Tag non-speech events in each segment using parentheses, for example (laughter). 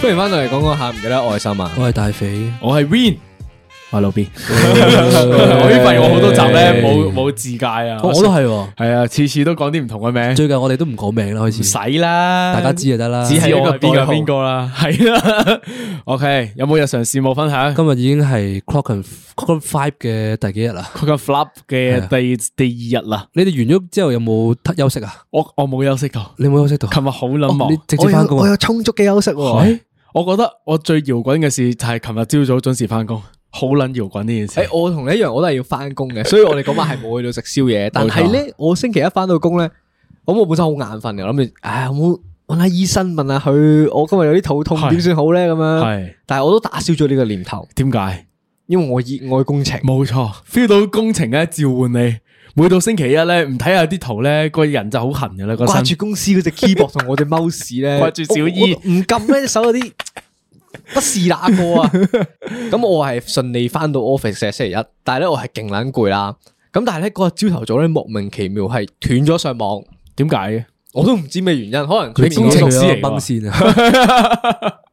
不如翻到嚟講講下唔記得我係三萬啊，我係大肥，我係 Win，喺路邊。我依份 (laughs) (laughs) 我好多集咧冇冇自介啊，我都係，係啊，次、啊、次都講啲唔同嘅名。最近我哋都唔講名啦，開始。使啦，大家知就得啦。只係我邊個邊個啦，係啦。OK，有冇日常事務分享？今日已經係 Clockin c l o c k Five 嘅第幾日啦 c l o c k Five 嘅第、啊、第二日啦。你哋完咗之後有冇休息啊？我我冇休息啊、哦。你冇休息到。琴日好捻忙，直接翻工。我有充足嘅休息喎。我覺得我最搖滾嘅事就係琴日朝早準時翻工，好捻搖滾呢件事。誒、欸，我同你一樣，我都係要翻工嘅，所以我哋嗰晚係冇去到食宵夜。 (laughs) 沒錯 但係咧，我星期一翻到工咧，咁我本身好眼瞓嘅，諗住唉，我有冇搵下醫生問下佢？我今日有啲肚痛，點是算好咧？咁樣，係是，但係我都打消咗呢個念頭。點解？因為我熱愛工程，冇錯，feel 到工程咧召喚你。每到星期一咧，唔睇下啲圖咧，個人就好痕噶啦。掛住公司嗰隻 keyboard 同我隻 mouse 咧，掛住小衣，唔撳咧隻手有啲不是那個啊。咁 (laughs) 我係順利翻到 office 喺星期一，但係咧我係勁卵攰啦。咁但係咧嗰朝頭早咧，莫名其妙係斷咗上網，點解嘅？我都唔知咩原因，可能佢工程師嚟，蚊線啊。 (laughs)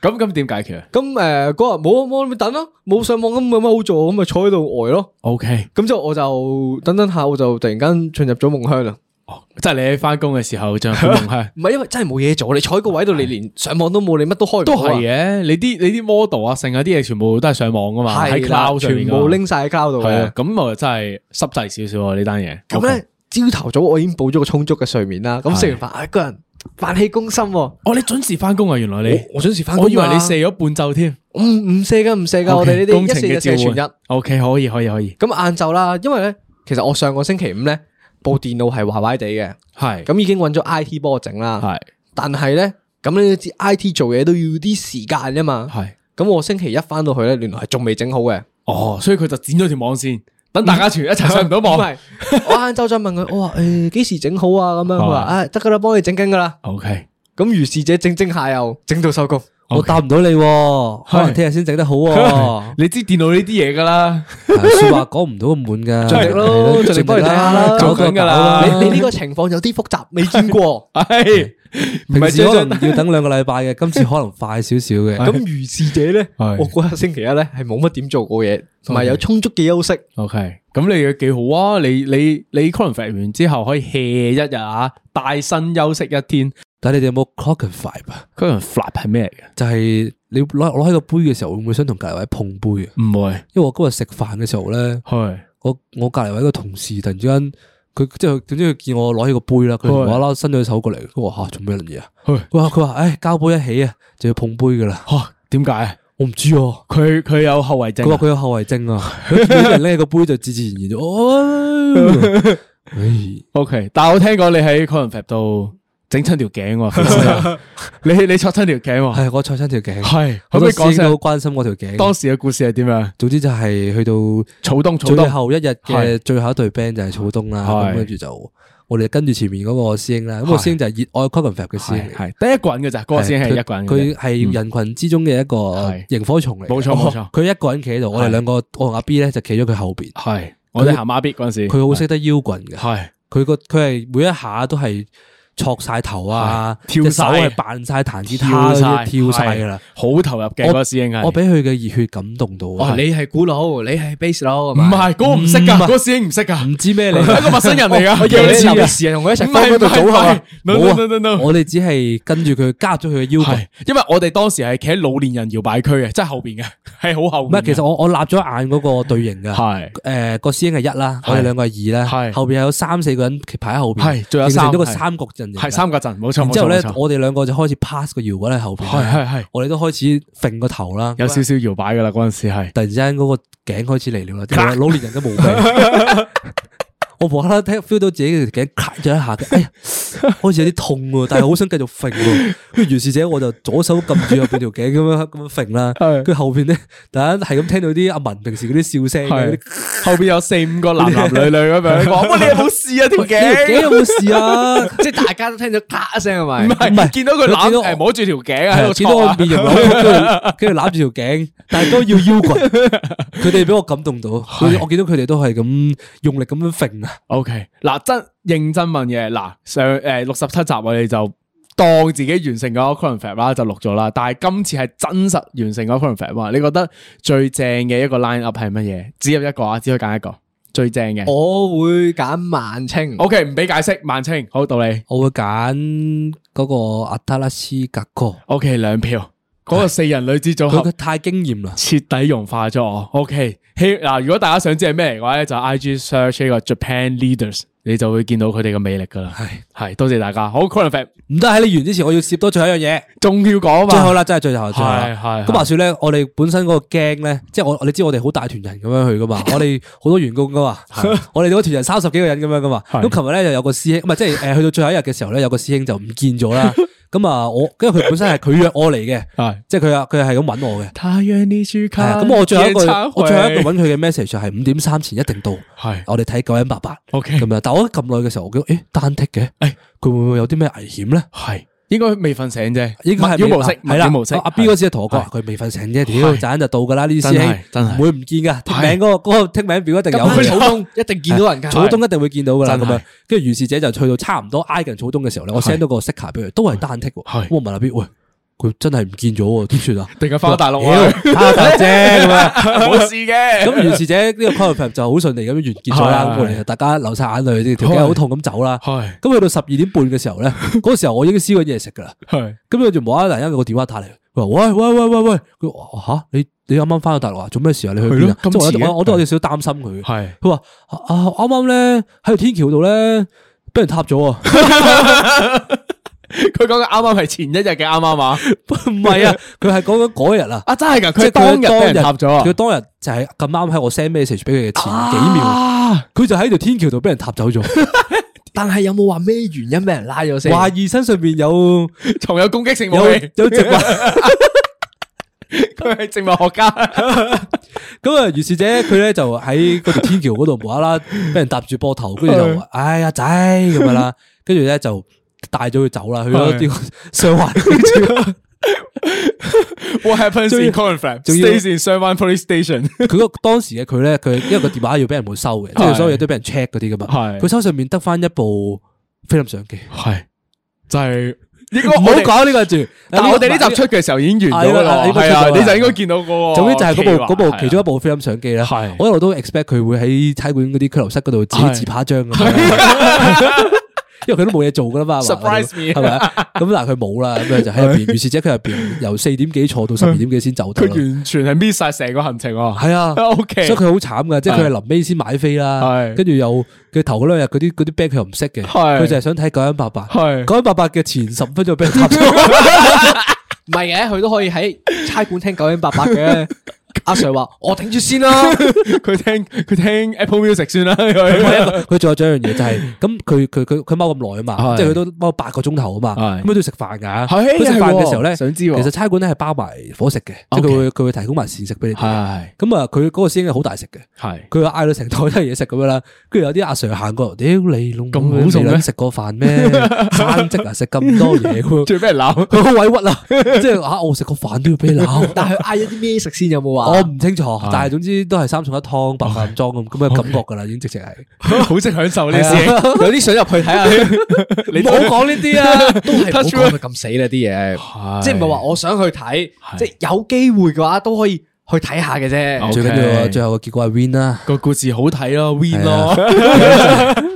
咁咁點解決啊？咁誒嗰日冇冇等咯，冇上網咁冇乜好做，咁咪坐喺度呆咯。O K，咁之後我就等等下，我就突然間進入咗夢鄉啦。哦，即係你喺翻工嘅時候就夢鄉，唔係 (laughs) 因為真係冇嘢做，你坐喺個位度，的你連上網都冇，你乜都開唔到都係嘅。你啲你啲 model 啊，剩下啲嘢全部都係上網噶嘛，喺的的全部拎晒喺膠度嘅。咁啊真係濕滯少少啊呢單嘢。咁咧？朝頭早我已經補咗個充足嘅睡眠啦，咁食完飯一個人飯氣攻心。哦，你準時翻工啊？原來你我準時翻工，我以為你卸咗半晝添。唔唔卸噶唔卸噶，我哋呢啲一卸就四全一。O K，可以可以可以。咁晏晝啦，因為咧，其實我上個星期五咧，部電腦係壞壞地嘅，係咁已經揾咗 I T 幫我整啦，係。但係咧，咁你都知 I T 做嘢都要啲時間噶嘛，係。咁我星期一翻到去咧，原來係仲未整好嘅。哦，所以佢就剪咗條網線。等大家全一齊上唔到網，我晏晝再問佢，我話誒，幾時整好啊？咁樣佢話啊，得噶啦，幫你整緊噶啦。OK，咁如是者整整下又整到收工，我答唔到你，可能聽日先整得好啊。你知電腦呢啲嘢噶啦，說話講唔到咁滿噶。盡力咯，盡力幫你睇下啦。咁樣噶啦，你你呢個情況有啲複雜，未見過。係。平時可能要等兩個禮拜嘅， (laughs) 今次可能快少少嘅。咁如 (laughs) 是者咧， (laughs) 我嗰日星期一咧係冇乜點做過嘢，同埋 (laughs) 有充足嘅休息。 (laughs) OK，咁你又幾好啊？你你你 confirm 完之後可以歇一日啊，帶薪休息一天。一天但係你有冇 confirm 啊？Confirm 係咩嚟嘅？就係你攞攞喺個杯嘅時候，會唔會想同隔籬位碰杯啊？唔會是，因為我今日食飯嘅時候咧， (laughs) 我我隔籬位一個同事突然之間。佢即係點知佢見我攞起個杯啦，佢無啦伸咗手過嚟，佢話吓做咩嘢啊？哇！佢話誒，交、哎、杯一起啊，就要碰杯噶啦。吓點解啊？我唔知哦、啊。佢佢有後遺症。佢話佢有後遺症啊，每、啊、 (laughs) 人咧個杯就自自然然就、啊。哦 OK。Okay, 但係我聽講你喺 Conference 度。整親條頸，你你戳親條頸，係我戳親條頸，係。好多師兄好關心我條頸。當時嘅故事係點樣？總之就係去到草東草東最後一日嘅最後一隊 band 就係草東啦，咁跟住就我哋跟住前面嗰個師兄啦。咁個師兄就係熱愛 coverup 嘅師兄，係得一個人嘅咋？嗰個師兄係一個人，佢係人群之中嘅一個螢火蟲嚟。冇錯冇錯，佢一個人企喺度，我哋兩個我同阿 B 咧就企咗佢後邊。係我哋行孖 B 嗰陣時，佢好識得腰棍嘅。係佢個佢係每一下都係。戳晒頭啊！隻手係扮晒彈子塔，跳晒噶啦，好投入嘅個師兄。啊，我俾佢嘅熱血感動到啊！你係鼓佬，你係 base 佬係嘛？唔係，嗰個唔識噶，個師兄唔識噶，唔知咩嚟，一個陌生人嚟噶。我以為你同佢一齊組合我哋只係跟住佢加咗佢嘅腰。求，因為我哋當時係企喺老年人搖擺區嘅，即係後邊嘅，係好後。唔係，其實我我立咗眼嗰個隊形噶，誒，個師兄係一啦，我哋兩個係二啦，後邊有三四個人排喺後邊，形成一個三角係三角陣，冇錯。之後咧，錯我哋兩個就開始 pass 個搖滾喺後邊。係係係，我哋都開始揈個頭啦，是是有少少搖擺噶啦。嗰陣時係突然之間嗰個頸開始嚟了啦，老年人都冇病。 (laughs) (laughs) 我無啦啦聽 feel 到自己條頸卡咗一下嘅，哎呀，開始有啲痛喎，但係好想繼續揈。跟住袁氏姐，我就左手撳住入佢條頸咁樣咁樣揈啦。跟住後邊咧，突然間係咁聽到啲阿文平時嗰啲笑聲嘅，後邊有四五個男男女女咁樣講，乜你有冇事啊？條頸有冇事啊？即係大家都聽到咔一聲係咪？唔係，見到佢攬，誒，摸住條頸喺度，見到佢變形，跟住攬住條頸，但係都要腰骨。佢哋俾我感動到，我見到佢哋都係咁用力咁樣揈啊！O K，嗱，真，認真問嘢，嗱，上，誒，六十七集我哋就當自己完成個 confirm 啦，ab，就錄咗啦。但係今次係真實完成個 confirm，你覺得最正嘅一個 line up 係乜嘢？只有一個啊，只可以揀一個，一個最正嘅。我會揀萬青。O K，唔俾解釋，萬青。好道理。我會揀嗰個阿特拉斯格哥。O K，兩票。嗰個四人女子組合太驚艷啦，徹底融化咗我。OK，嗱、hey，如果大家想知係咩嘅話咧，就 I G search 一個 Japan leaders，你就會見到佢哋嘅魅力噶啦。係係，多謝大家。好 Coronavirus 唔得喺你完之前，我要攝多最後一樣嘢，仲要講嘛。最好啦，真係最後係係。咁話說咧，我哋本身嗰個驚咧，即係我你知我哋好大團人咁樣去噶嘛，我哋好多員工噶嘛， (laughs) 我哋嗰團人三十幾個人咁樣噶嘛。咁琴日咧就有個師兄，唔係即係誒，去到最後一日嘅時候咧，有個師兄就唔見咗啦。 (laughs) 咁啊，我，因為佢本身係佢約我嚟嘅，係， (laughs) 即係佢啊，佢係咁揾我嘅。咁我最後一個， (laughs) 我最後一個揾佢嘅 message 係五點三前一定到，係 (laughs) 的，我哋睇九一八八，OK，咁樣。但我咁耐嘅時候，我覺得，誒，單剔嘅，誒、欸，佢會唔會有啲咩危險咧？係。應該未瞓醒啫，應該係模式，係啦。阿 B 嗰時就同我講，佢未瞓醒啫，屌，盞就到噶啦呢啲師兄，真係唔會唔見噶，聽名個個聽名表一定有，草東一定見到人噶，草東一定會見到噶啦，咁樣。跟住如是者就去到差唔多挨近草東嘅時候咧，我 send 到個 sticker 俾佢，都係單剔喎，係，哇，我問阿 b 喂？」佢真係唔見咗喎，點算啊？定係翻咗大陸啊？翻咗大陸啫，冇事嘅。咁於是姐呢個 project 就好順利咁完結咗啦。其實大家流晒眼淚，條頸好痛咁走啦。係咁去到十二點半嘅時候咧，嗰個時候我已經思過嘢食噶啦。係咁有陣無啦啦，因為個電話打嚟，佢話：喂喂喂喂喂，吓你你啱啱翻到大陸啊？做咩事啊？你去邊啊？即我都有少少擔心佢。佢話：啊啱啱咧喺天橋度咧，俾人塌咗啊！佢講緊啱啱係前一日嘅啱啱話，唔係啊！佢係講緊嗰日啊！啊真係噶，佢當日俾人踏咗，佢當日就係咁啱喺我 send message 俾佢嘅前幾秒，佢就喺條天橋度俾人踏走咗。但係有冇話咩原因俾人拉咗先？懷疑身上邊有藏有攻擊性物，有植物。佢係植物學家。咁啊，於是者，佢咧就喺嗰條天橋嗰度冇啦啦俾人踏住膊頭，跟住就，哎呀仔咁樣啦，跟住咧就。帶咗佢走啦，去咗啲上環。What happens in 上環 stays in 上環 Police Station。佢個當時嘅佢咧，佢因為個電話要俾人冇收嘅，即係所有嘢都俾人 check 嗰啲噶嘛。佢手上面得翻一部菲林相機，係就係唔好講呢個住。但我哋呢集出嘅時候已經完咗啦，係啊，你就應該見到個。總之就係嗰部部其中一部菲林相機咧。我一路都 expect 佢會喺差館嗰啲拘留室嗰度自己自拍張因為佢都冇嘢做噶啦嘛，係咪 Surprise me.？咁但係佢冇啦，咁就喺入邊。如 (laughs) 是者佢入邊由四點幾坐到十二點幾先走。佢 (laughs) 完全係搣晒成個行程啊！OK。所以佢好慘噶，即係佢係臨尾先買飛啦。係 (laughs) 是，跟住又佢頭嗰兩日嗰啲嗰啲 band 佢又唔識嘅，佢是就係想睇九陰八是九英八。係九陰八八嘅前十五分鐘俾人插咗，唔係嘅，佢都可以喺差館聽九陰八八嘅。阿 sir 話：我停住先啦，佢聽佢聽 Apple Music 算啦。佢再仲有咗一樣嘢就係咁，佢佢佢佢踎咁耐啊嘛，即係佢都踎八個鐘頭啊嘛，咁都要食飯㗎。佢食飯嘅時候咧，想知喎。其實差館咧係包埋伙食嘅，即係佢會佢會提供埋膳食俾你。咁啊，佢個師兄係好大食嘅。佢話嗌到成台都係嘢食咁樣啦，跟住有啲阿 sir 行過，屌你咁好食食個飯咩？簡直啊，食咁多嘢，仲要俾人鬧，佢好委屈啦。即係嚇我食個飯都要俾人鬧，但係嗌一啲咩食先有冇話？我唔清楚，但係總之都係三餸一湯白飯裝咁咁嘅感覺噶啦，已經直情係好識享受呢啲事，有啲想入去睇下。你唔好講呢啲啊，都係唔好講得咁死啦啲嘢， (laughs) 即係唔係話我想去睇， (laughs) 即係有機會嘅話都可以去睇下嘅啫 Okay,。最緊要最後嘅結果係 win 啦，啊，個 (laughs) 故事好睇咯，哦，win 咯， (laughs) 啊.。 (laughs)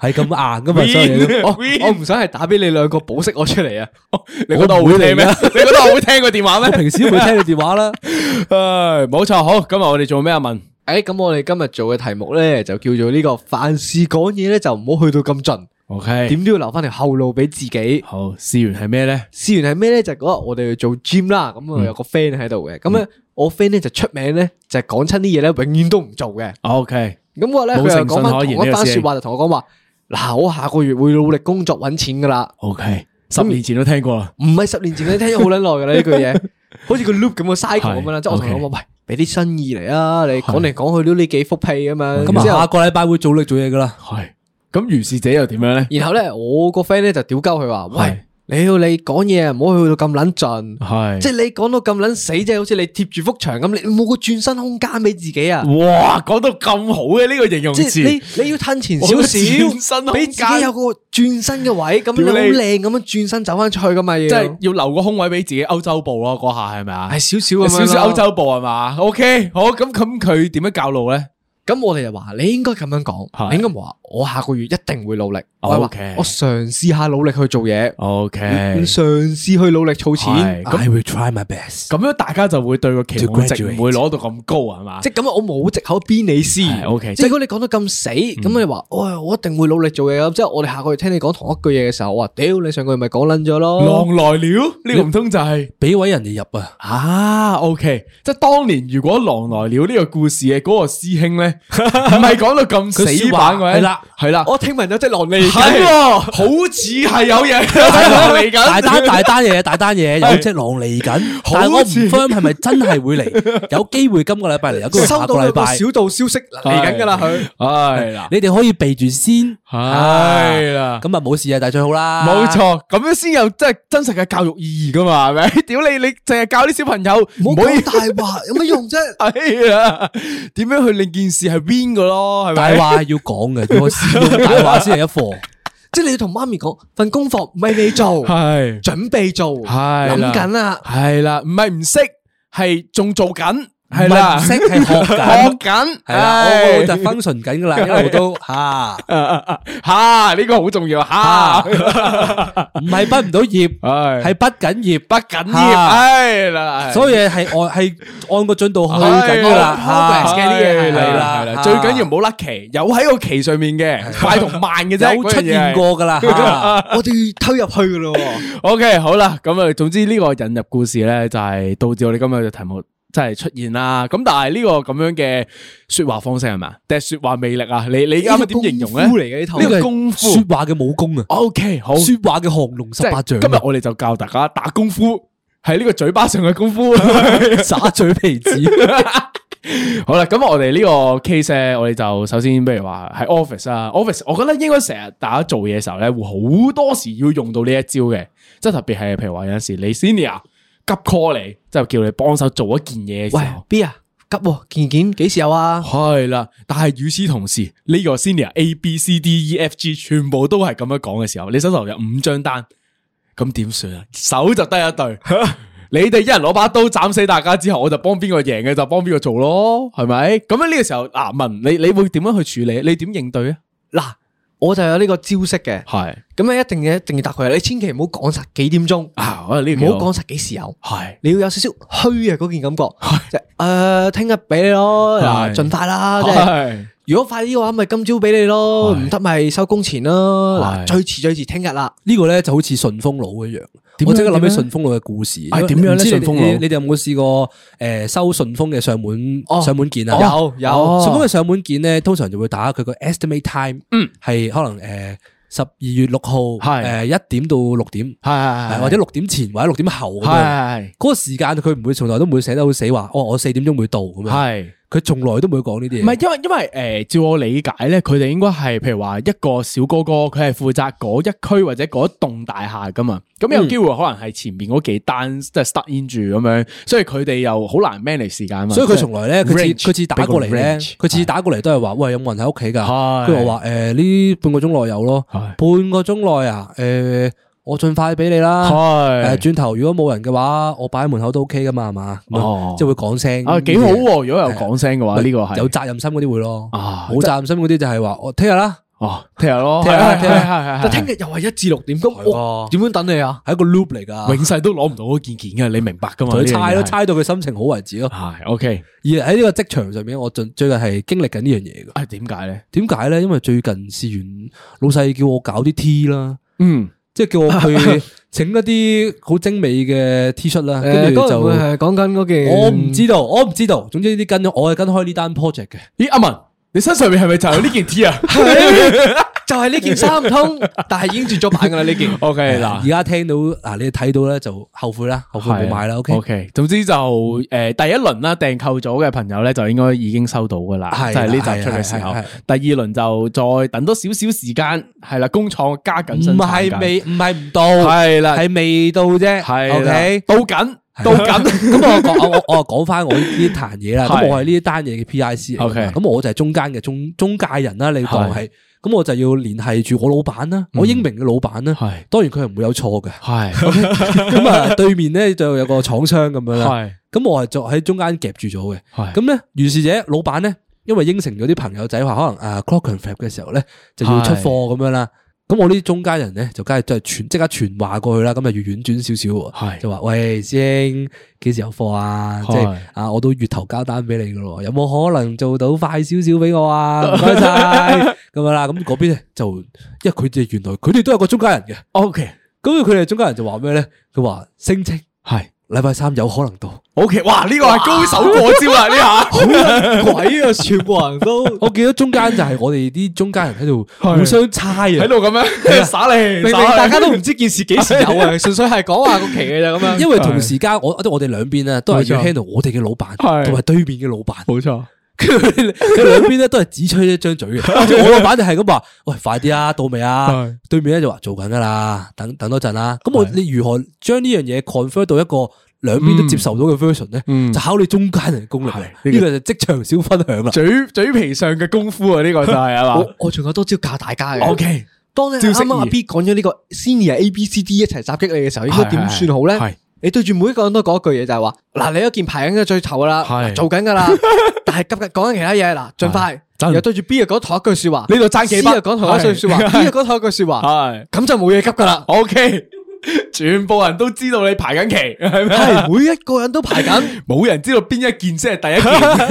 係咁硬噶嘛，所以，我我唔想係打俾你兩個保釋我出嚟啊！你覺得我會聽咩？你覺得我會聽個電話咩？我平時都唔會聽你電話啦。唉，冇錯，好，今日我哋做咩啊？問，誒，咁我哋今日做嘅題目咧，就叫做呢個凡事講嘢咧，就唔好去到咁盡。OK，點都要留翻條後路俾自己。好，事源係咩咧？事源係咩咧？就嗰日我哋做 gym 啦，咁啊有個 friend 喺度嘅，咁咧我 friend 咧就出名咧，就講親啲嘢咧，永遠都唔做嘅。OK，咁我咧就講翻同一番說話，就同我講話。嗱、啊，我下個月會努力工作揾錢噶啦。OK，嗯、十年前都聽過啦。唔係十年前，你聽咗好捻耐噶啦呢句嘢，好似個 loop 咁個 cycle 咁樣啦。樣 Okay. 即係我同佢講，喂，俾啲新意嚟啊！你講嚟講去都呢幾幅屁啊嘛。咁啊、嗯，下個禮拜會努力做嘢噶啦。係、嗯，咁如、嗯、是者又點樣咧？然後咧，我個 friend 咧就屌鳩佢話。喂你要你講嘢唔好去到咁撚盡，是即係你講到咁撚死，即係好似你貼住幅牆咁，你冇個轉身空間俾自己啊！哇，講到咁好嘅、啊、呢、這個形容詞，即係你你要褪前少少，轉身空間，有個轉身嘅位，咁樣你好靚咁樣轉身走翻出去噶嘛，你即係要留個空位俾自己歐洲步咯，嗰下係咪啊？係少少咁樣，少少歐洲步，係嘛？OK，好咁咁佢點樣教路咧？咁我哋就話你應該咁樣講，應該話我下個月一定會努力，OK，我嘗試下努力去做嘢，OK，嘗試去努力儲錢，I will try my best，咁樣大家就會對個期望值唔會攞到咁高係嘛？即係咁，我冇藉口鞭你先。如果你講得咁死，咁你話，哇，我一定會努力做嘢咁，即係我哋下個月聽你講同一句嘢嘅時候，我話屌，你上個月咪講捻咗咯？狼來了呢個唔通就係俾位人哋入啊？啊，OK，即係當年如果狼來了呢個故事嘅嗰個師兄咧。唔係講到咁死板嘅，係啦係啦，我聽聞有隻狼嚟緊，好似係有嘢嚟緊，大單大單嘢，大單嘢，有隻狼嚟緊，但係我唔 confirm 係咪真係會嚟，有機會今個禮拜嚟，有機會下個禮拜。收到小道消息嚟緊噶啦，佢係啦，你哋可以備住先，係啦，咁啊冇事啊，但係最好啦，冇錯，咁樣先有即係真實嘅教育意義噶嘛，係咪？屌你，你淨係教啲小朋友，唔好講大話，有乜用啫？哎呀，點樣去令件事？係 win 噶咯，是是，係咪？大話要講嘅， (laughs) 要我試大話先係一課。即係你要同媽咪講份功課唔係你做，係是的 準備做，係諗緊啊，係啦，唔係唔識，係仲做緊。係啦，識係學緊，係啦，我我就 function 緊噶啦，因為我都吓吓呢個好重要吓，唔係畢唔到業，係畢緊業，畢緊業，係啦，所以係按係按個進度去緊噶啦，係啦係啦，最緊要唔好甩期，有喺個期上面嘅快同慢嘅啫，有出現過噶啦，我哋推入去噶咯，OK 好啦，咁啊，總之呢個引入故事咧，就係導致我哋今日嘅題目。真係出現啦，咁但係呢個咁樣嘅說話方式係嘛，定係說話魅力啊，你你啱啱點形容咧？功夫嚟嘅呢套，呢個功夫，功夫說話嘅武功啊。OK，好，說話嘅降龍十八掌。今日我哋就教大家打功夫喺呢個嘴巴上嘅功夫， (laughs) 耍嘴皮子 (laughs) (laughs) 好。好啦，咁我哋呢個 case 咧，我哋就首先，不如話喺 office 啊，office，我覺得應該成日大家做嘢時候咧，會好多時要用到呢一招嘅，即係特別係，譬如話有陣時你係 senior。急 call 你，就係，叫你幫手做一件嘢。喂 B 啊，急件件幾時有啊？係啦，但係與此同時，呢、呢個 Senior A B C D E F G 全部都係咁樣講嘅時候，你手頭有五張單，咁點算啊？手就得一對， (laughs) 你哋一人攞把刀斬死大家之後，我就幫邊個贏嘅就幫邊個做咯，係咪？咁樣呢個時候，嗱、啊，問你你會點樣去處理？你點應對啊？嗱。我就有呢個招式嘅，咁你一定嘅，一定要答佢。你千祈唔好講實幾點鐘，唔好講實幾時有。係是你要有少少虛嘅嗰件感覺，即係誒，聽日俾你咯，嗱是，盡快啦。是就是如果快啲嘅話，咪今朝俾你咯，唔得咪收工前啦。嗱，最遲最遲聽日啦。呢個咧就好似順豐佬一樣，我即刻諗起順豐佬嘅故事。係點樣咧？順豐佬，你哋有冇試過誒收順豐嘅上門上門件啊？有有，順豐嘅上門件咧，通常就會打佢個 estimate time，嗯，係可能誒十二月六號，係誒一點到六點，係或者六點前或者六點後咁樣。嗰個時間佢唔會從來都唔會寫得好死話，哦，我四點鐘會到咁樣。係。佢從來都唔會講呢啲嘢。唔係因為因為誒、呃，照我理解咧，佢哋應該係譬如話一個小哥哥，佢係負責嗰一區或者嗰棟大廈噶嘛。咁有機會可能係前面嗰幾單、嗯、即係 start in 住咁樣，所以佢哋又好難 manage 時間啊嘛。所以佢從來咧，佢次佢次打過嚟咧，佢次次打過嚟都係話喂有冇人喺屋企噶？跟住係我話誒呢半個鐘內有咯，係半個鐘內啊誒。呃我盡快俾你啦，係誒，轉頭如果冇人嘅話，我擺喺門口都 OK 噶嘛，係嘛？哦，即係會講聲啊，幾好，如果有講聲嘅話，呢個係有責任心嗰啲會咯。啊，冇責任心嗰啲就係話我聽日啦，哦，聽日咯，係係係係，但係聽日又係一至六點，咁我點樣等你啊？係一個 loop 嚟噶，永世都攞唔到嗰件件嘅，你明白噶嘛？就猜咯，猜到佢心情好為止咯。係 OK，而喺呢個職場上面，我最最近係經歷緊呢樣嘢嘅。點解咧？點解咧？因為最近試完老細叫我搞啲 T 啦，嗯。即係叫我去整一啲好精美嘅 T 恤啦，跟住、欸、就、嗯、講緊嗰件。我唔知道，我唔知道。總之呢啲跟，我係跟開呢單 project 嘅。咦，阿文，你身上面係咪就有呢件 T 啊？ (laughs) (laughs) (laughs) 係呢件衫唔通，但係已經絕咗版噶啦呢件。O K 啦，而家聽到嗱，你睇到咧就後悔啦，後悔冇買啦。O K，總之就誒第一輪啦，訂購咗嘅朋友咧就應該已經收到噶啦。係，就係呢集出嘅時候。第二輪就再等多少少時間，係啦，工廠加緊，唔係未，唔係唔到，係啦，係未到啫。係 O K，到緊，到緊。咁我我我講翻我呢壇嘢啦，咁我係呢單嘢嘅 P I C，OK，咁我就係中間嘅中中介人啦，你當係。咁我就要聯繫住我老闆啦，嗯、我英明嘅老闆啦，是當然佢係唔會有錯嘅。係咁啊，okay? (laughs) 對面咧就有個廠商咁樣啦。咁是我係就喺中間夾住咗嘅。咁咧是，如是者老闆咧，因為應承咗啲朋友仔話，可能啊 confirm 嘅時候咧，就要出貨咁樣啦。是咁我呢啲中間人咧，就梗係即係傳即刻傳話過去啦。咁是就要婉轉少少，就話喂師兄，幾時有貨啊？是即係啊，我都月頭交單俾你噶咯，有冇可能做到快少少俾我啊？唔該晒咁樣啦。咁嗰邊咧就，因為佢哋原來佢哋都有個中間人嘅。OK，咁佢哋中間人就話咩咧？佢話聲稱係。禮拜三有可能到，OK 哇呢個係高手過招啊呢下，好鬼啊，全部人都，我記得中間就係我哋啲中間人喺度互相猜啊，喺度咁樣，耍你，明明大家都唔知件事幾時有啊，純粹係講話個期嘅咋咁樣，因為同時間我，即我哋兩邊啊，都係要 handle 我哋嘅老闆，同埋對面嘅老闆，冇錯。佢兩邊咧都係只吹一張嘴嘅， (laughs) 我老闆就係咁話：喂，快啲啊，到未啊？ (laughs) 對面咧就話做緊噶啦，等等多陣啦。咁的我你如何將呢樣嘢 confirm 到一個兩邊都接受到嘅 version 咧、嗯？就考你中間人功力嚟，呢、嗯、個就即場小分享啦。嘴嘴皮上嘅功夫啊，呢、這個就係啊嘛。我仲有多招教大家嘅。 (laughs) o Okay , K，當啱啱阿 B 講咗呢個 Senior A B C D 一齊襲擊你嘅時候，應該點算好咧？你對住每一個人都講一句嘢，就係話嗱，你一件排緊嘅最醜啦，做緊噶啦，但係急緊講緊其他嘢，嗱，盡快又對住 B 又講同一句說話，你度爭幾筆，講同一句說話，B 又講同一句說話，係咁就冇嘢急噶啦。OK，全部人都知道你排緊期，係每一個人都排緊，冇人知道邊一件先係第一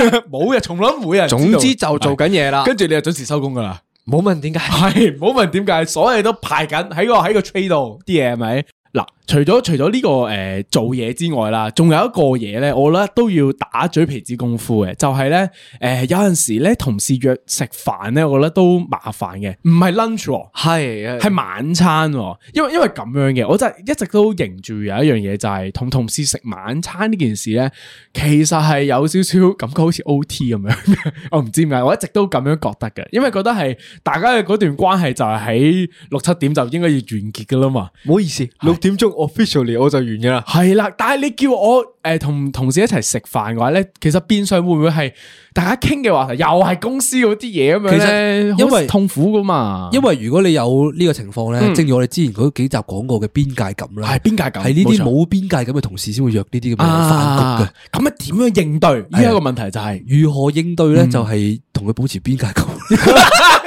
件，冇人，從來冇人。總之就做緊嘢啦，跟住你就準時收工噶啦。冇問點解，係冇問點解，所有都排緊喺個喺個 trade 度啲嘢係咪？嗱，除咗除咗呢，這個誒，呃、做嘢之外啦，仲有一個嘢咧，我覺得都要打嘴皮子功夫嘅，就係咧誒有陣時咧同事約食飯咧，我覺得都麻煩嘅，唔係 lunch 係係晚餐，喔，因為因為咁樣嘅，我真係一直都認住有一樣嘢，就是，就係同同事食晚餐呢件事咧，其實係有少少感覺好似 OT 咁樣， (laughs) 我唔知點解，我一直都咁樣覺得嘅，因為覺得係大家嘅嗰段關係就係喺六七點就應該要完結噶啦嘛，唔好意思六點鐘 officially 我就完咗啦，係啦，但係你叫我誒同、呃、同事一齊食飯嘅話咧，其實變相會唔會係大家傾嘅話題又係公司嗰啲嘢咁樣咧？其實因為痛苦噶嘛，因為如果你有呢個情況咧，嗯、正如我哋之前嗰幾集講過嘅邊界感啦，係邊、嗯、界感，係呢啲冇邊界感嘅同事先會約呢啲咁嘅飯局嘅，咁啊點樣應對？呢、嗯、一個問題就係、是、如何應對咧？嗯、就係同佢保持邊界感。 (laughs) (laughs)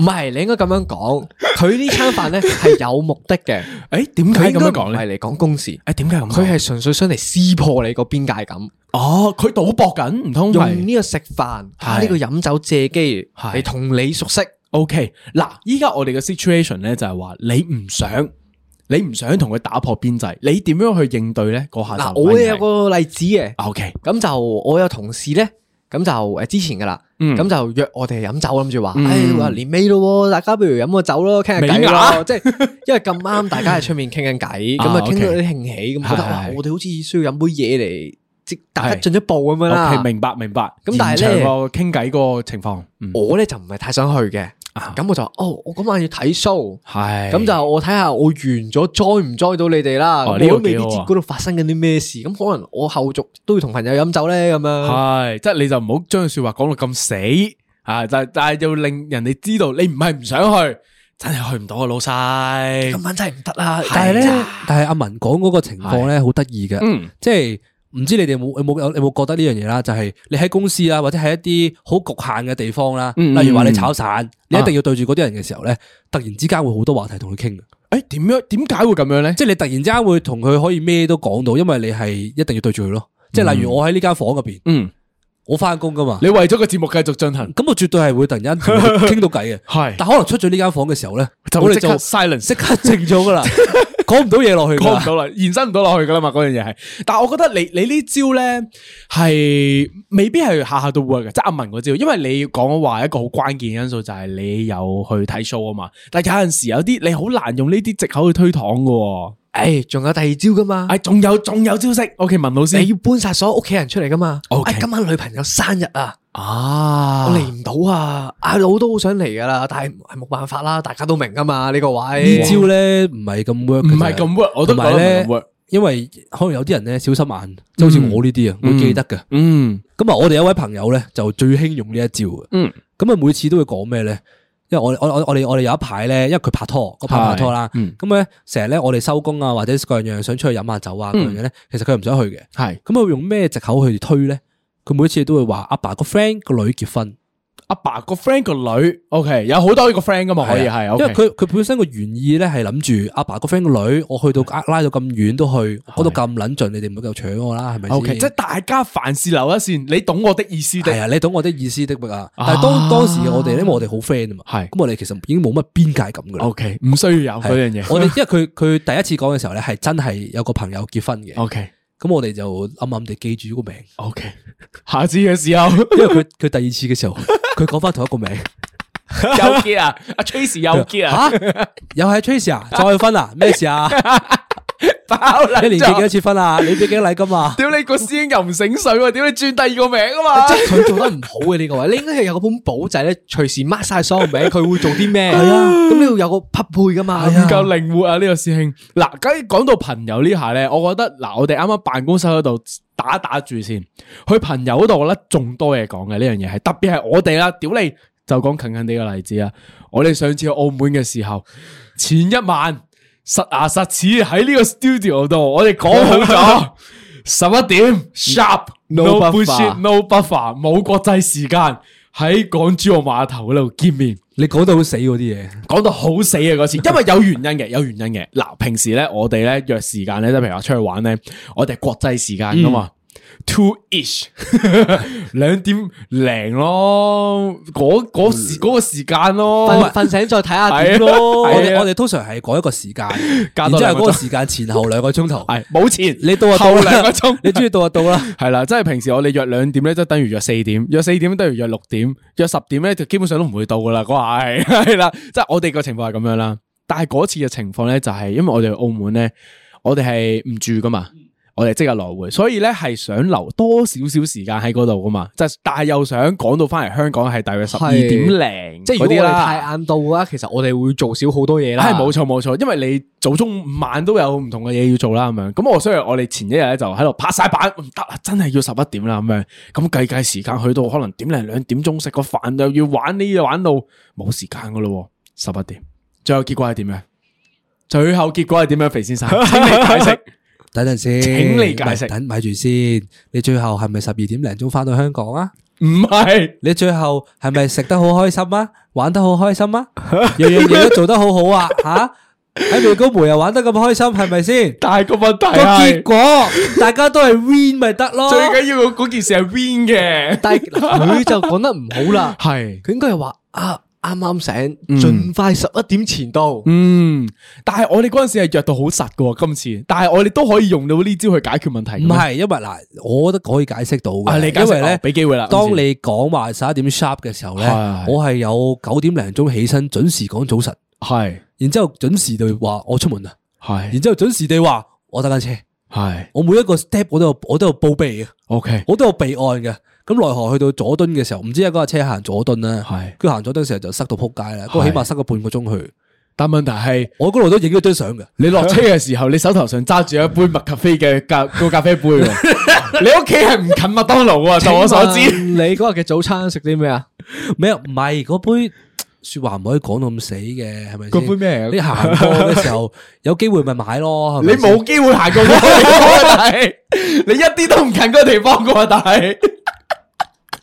唔係，你應該咁樣講，佢呢餐飯呢係有目的嘅。誒、欸，點解咁樣講咧？唔係嚟講公事，誒、欸，點解咁？佢係純粹想嚟撕破你個邊界感。哦、啊，佢賭博緊，唔通用呢個食飯、呢的個飲酒借機嚟同你熟悉？OK，嗱，依家我哋嘅 situation 咧就係話你唔想，你唔想同佢打破邊際，你點樣去應對呢？嗰下嗱，我有個例子嘅。OK，咁就我有同事呢。咁就誒之前噶啦，咁、嗯、就約我哋飲酒諗住話，誒話、嗯哎、年尾咯，大家不如飲個酒咯，傾下偈咯，牙即係因為咁啱大家喺出面傾緊偈，咁啊傾到啲興起，咁、啊 okay，覺得我哋好似需要飲杯嘢嚟即係大家進一步咁樣啦、okay。明白明白。咁但係咧，個傾偈個情況，嗯、我咧就唔係太想去嘅。咁、啊、我就哦，我今晚要睇 show，係咁是就我睇下我完咗載唔載到你哋啦。哦這個、你都未知嗰度發生緊啲咩事，咁、啊、可能我後續都要同朋友飲酒咧咁樣。係，即係你就唔好將個說話講到咁死啊！但但係要令人哋知道你唔係唔想去，真係去唔到啊，老細今晚真係唔得啦。但係咧，但係阿文講嗰個情況咧，好得意嘅，嗯，即係。唔知你哋有冇有冇有冇覺得呢樣嘢啦？就係、是、你喺公司啦，或者喺一啲好局限嘅地方啦。例如話你炒散，你一定要對住嗰啲人嘅時候咧，啊、突然之間會好多話題同佢傾嘅。誒點、欸、樣？點解會咁樣咧？即係你突然之間會同佢可以咩都講到，因為你係一定要對住佢咯。即係例如我喺呢間房入邊，嗯，我返工噶嘛。你為咗個節目繼續進行，咁我絕對係會突然之間傾到偈嘅。係 (laughs) 是，但可能出咗呢間房嘅時候咧，我哋就 silence，即刻靜咗噶啦。 (laughs) 講唔到嘢落去，講唔到啦，延伸唔到落去噶啦嘛，嗰樣嘢係。但係我覺得你你呢招咧係未必係下下都 work 嘅，即係阿文嗰招，因為你要講嘅話，一個好關鍵嘅因素就係你有去睇 show 啊嘛。但係有陣時有啲你好難用呢啲借口去推搪噶。誒，仲有第二招噶嘛？誒，仲有仲有招式？O K，文老師，你要搬晒所有屋企人出嚟噶嘛？O K，今晚女朋友生日啊！啊！嚟唔到啊！阿老都好想嚟噶啦，但係係冇辦法啦。大家都明噶嘛，呢個位呢招咧唔係咁 work，唔係咁 work，我都講唔 work。因為可能有啲人咧小心眼，就好似我呢啲啊，會記得嘅。嗯，咁啊，我哋有一位朋友咧就最興用呢一招。嗯，咁啊，每次都會講咩咧？因為我我我哋我哋有一排咧，因為佢拍拖，我拍拍拖啦。咁咧成日咧我哋收工啊，或者各樣想出去飲下酒啊，咁樣咧，其實佢唔想去嘅。係，咁佢用咩借口去推咧？佢每次都會話阿爸個 friend 個女結婚，阿爸個 friend 個女，OK 有好多呢個 friend 噶嘛，啊、可以係，okay, 因為佢佢本身個原意咧係諗住阿爸個 friend 個女，我去到呃拉到咁遠都去，嗰度咁捻盡，你哋唔好夠搶我啦，係咪 OK，即係大家凡事留一線，你懂我的意思的係啊，你懂我的意思的，不過但係當當時我哋因為我哋好 friend 啊嘛，係咁、啊、是我哋其實已經冇乜邊界感噶啦，OK 唔需要有嗰樣嘢。我哋因為佢佢第一次講嘅時候咧，係真係有個朋友結婚嘅，OK。咁我哋就暗暗哋記住個名。O、okay, K，下次嘅時候， (laughs) 因為佢佢第二次嘅時候，佢講翻同一個名。又結啊，阿 Tracy 又結啊，又係 Tracy 啊，再分啊，咩事啊？ (laughs) 一年結幾多，多次婚啊？你俾幾多禮金啊？屌 (laughs) 你個師兄又唔醒水喎、啊！屌你轉第二個名啊嘛！佢 (laughs) 做得唔好嘅、啊、呢個位，你應該係有嗰本簿仔咧，隨時 mark 晒所有名，佢會做啲咩？係啊，咁、 (laughs) 啊、你要有個匹配噶嘛？啊！夠靈活啊呢、這個師兄。嗱、啊，咁講到朋友呢下咧，我覺得嗱、啊，我哋啱啱辦公室嗰度打打住先，去朋友嗰度咧仲多嘢講嘅呢樣嘢，係特別係我哋啦、啊。屌你，就講近近啲嘅例子啊！我哋上次去澳門嘅時候，前一晚……實牙實齒喺呢個 studio 度，我哋講好咗十一點，Sharp no buffer，no buffer 冇國際時間喺港珠澳碼頭嗰度見面。你講到好死嗰啲嘢，講到好死啊！嗰次因為有原因嘅，有原因嘅。嗱， (laughs) 平時咧我哋咧約時間咧，即係譬如話出去玩咧，我哋國際時間噶嘛。嗯 two ish，兩 (laughs) 點零咯，嗰嗰時嗰、嗯、個時間咯，瞓醒再睇下點咯。我我哋通常係講一個時間，時然之後嗰個時間前後兩個鐘頭，係冇、啊、前，你到，就到，就到後兩個鐘，你鍾意到啦，到啦、 (laughs) 啊。係啦，即係平時我哋約兩點咧，就等於約四點，約四點等於約六點，約十點咧就基本上都唔會到噶啦，掛係啦。即係、啊啊就是、我哋個情況係咁樣啦，但係嗰次嘅情況咧就係因為我哋澳門咧，我哋係唔住噶嘛。我哋即日來回，所以咧係想留多少少時間喺嗰度噶嘛，就但係又想講到翻嚟香港係大約十二點零，即係的如果太晏到啦，其實我哋會做少好多嘢啦。係冇錯冇錯，因為你早中午、晚都有唔同嘅嘢要做啦，咁樣，咁我雖然我哋前一日就喺度拍晒版，唔得啦，真係要十一點啦咁樣，咁計計時間去到可能點零兩點鐘食個飯，又要玩呢，又玩，玩到冇時間噶咯，十一點，最後結果係點樣？最後結果係點樣，肥先生，請你解釋 (laughs) 等陣先，請你解釋。等埋住先，你最後係咪十二點零鐘翻到香港啊？唔係是，你最後係咪食得好開心啊？玩得好開心啊？ (laughs) 樣樣嘢都做得好好啊？吓喺美高梅又玩得咁開心，係咪先？但係個問題係，個結果大家都係 win 咪得咯？ (laughs) 最緊要嗰件事係 win 嘅， (laughs) 但係佢就講得唔好啦。係佢 (laughs) 是應該係話啊。啱啱醒，嗯、盡快十一點前到。嗯，但係我哋嗰陣時係約到好實噶。今次，但係我哋都可以用到呢招去解決問題。唔係，因為嗱，我覺得可以解釋到嘅。啊、你解釋咧，俾機會啦。當你講話十一點 shop 嘅時候咧，我係有九點零鐘起身，準時講早晨。係是。然之後準時地話我出門啦。係是。然之後準時地話我搭架車。係是。我，是我每一個 step 我都有，我都有報備嘅。O K。我都有備案嘅。咁奈何去到佐敦嘅時候，唔知係嗰架車行佐敦咧，佢行佐敦嘅時候就塞到撲街啦，都起碼塞個半個鐘去。但問題係我嗰度都影咗張相嘅，你落車嘅時候，你手頭上揸住一杯麥咖啡嘅咖個咖啡杯。你屋企係唔近麥當勞啊？就我所知，你嗰日嘅早餐食啲咩啊？咩啊？唔係嗰杯說話唔可以講到咁死嘅，係咪？嗰杯咩？你行過嘅時候有機會咪買咯？係咪？你冇機會行過嘅，你一啲都唔近嗰個地方嘅，但係。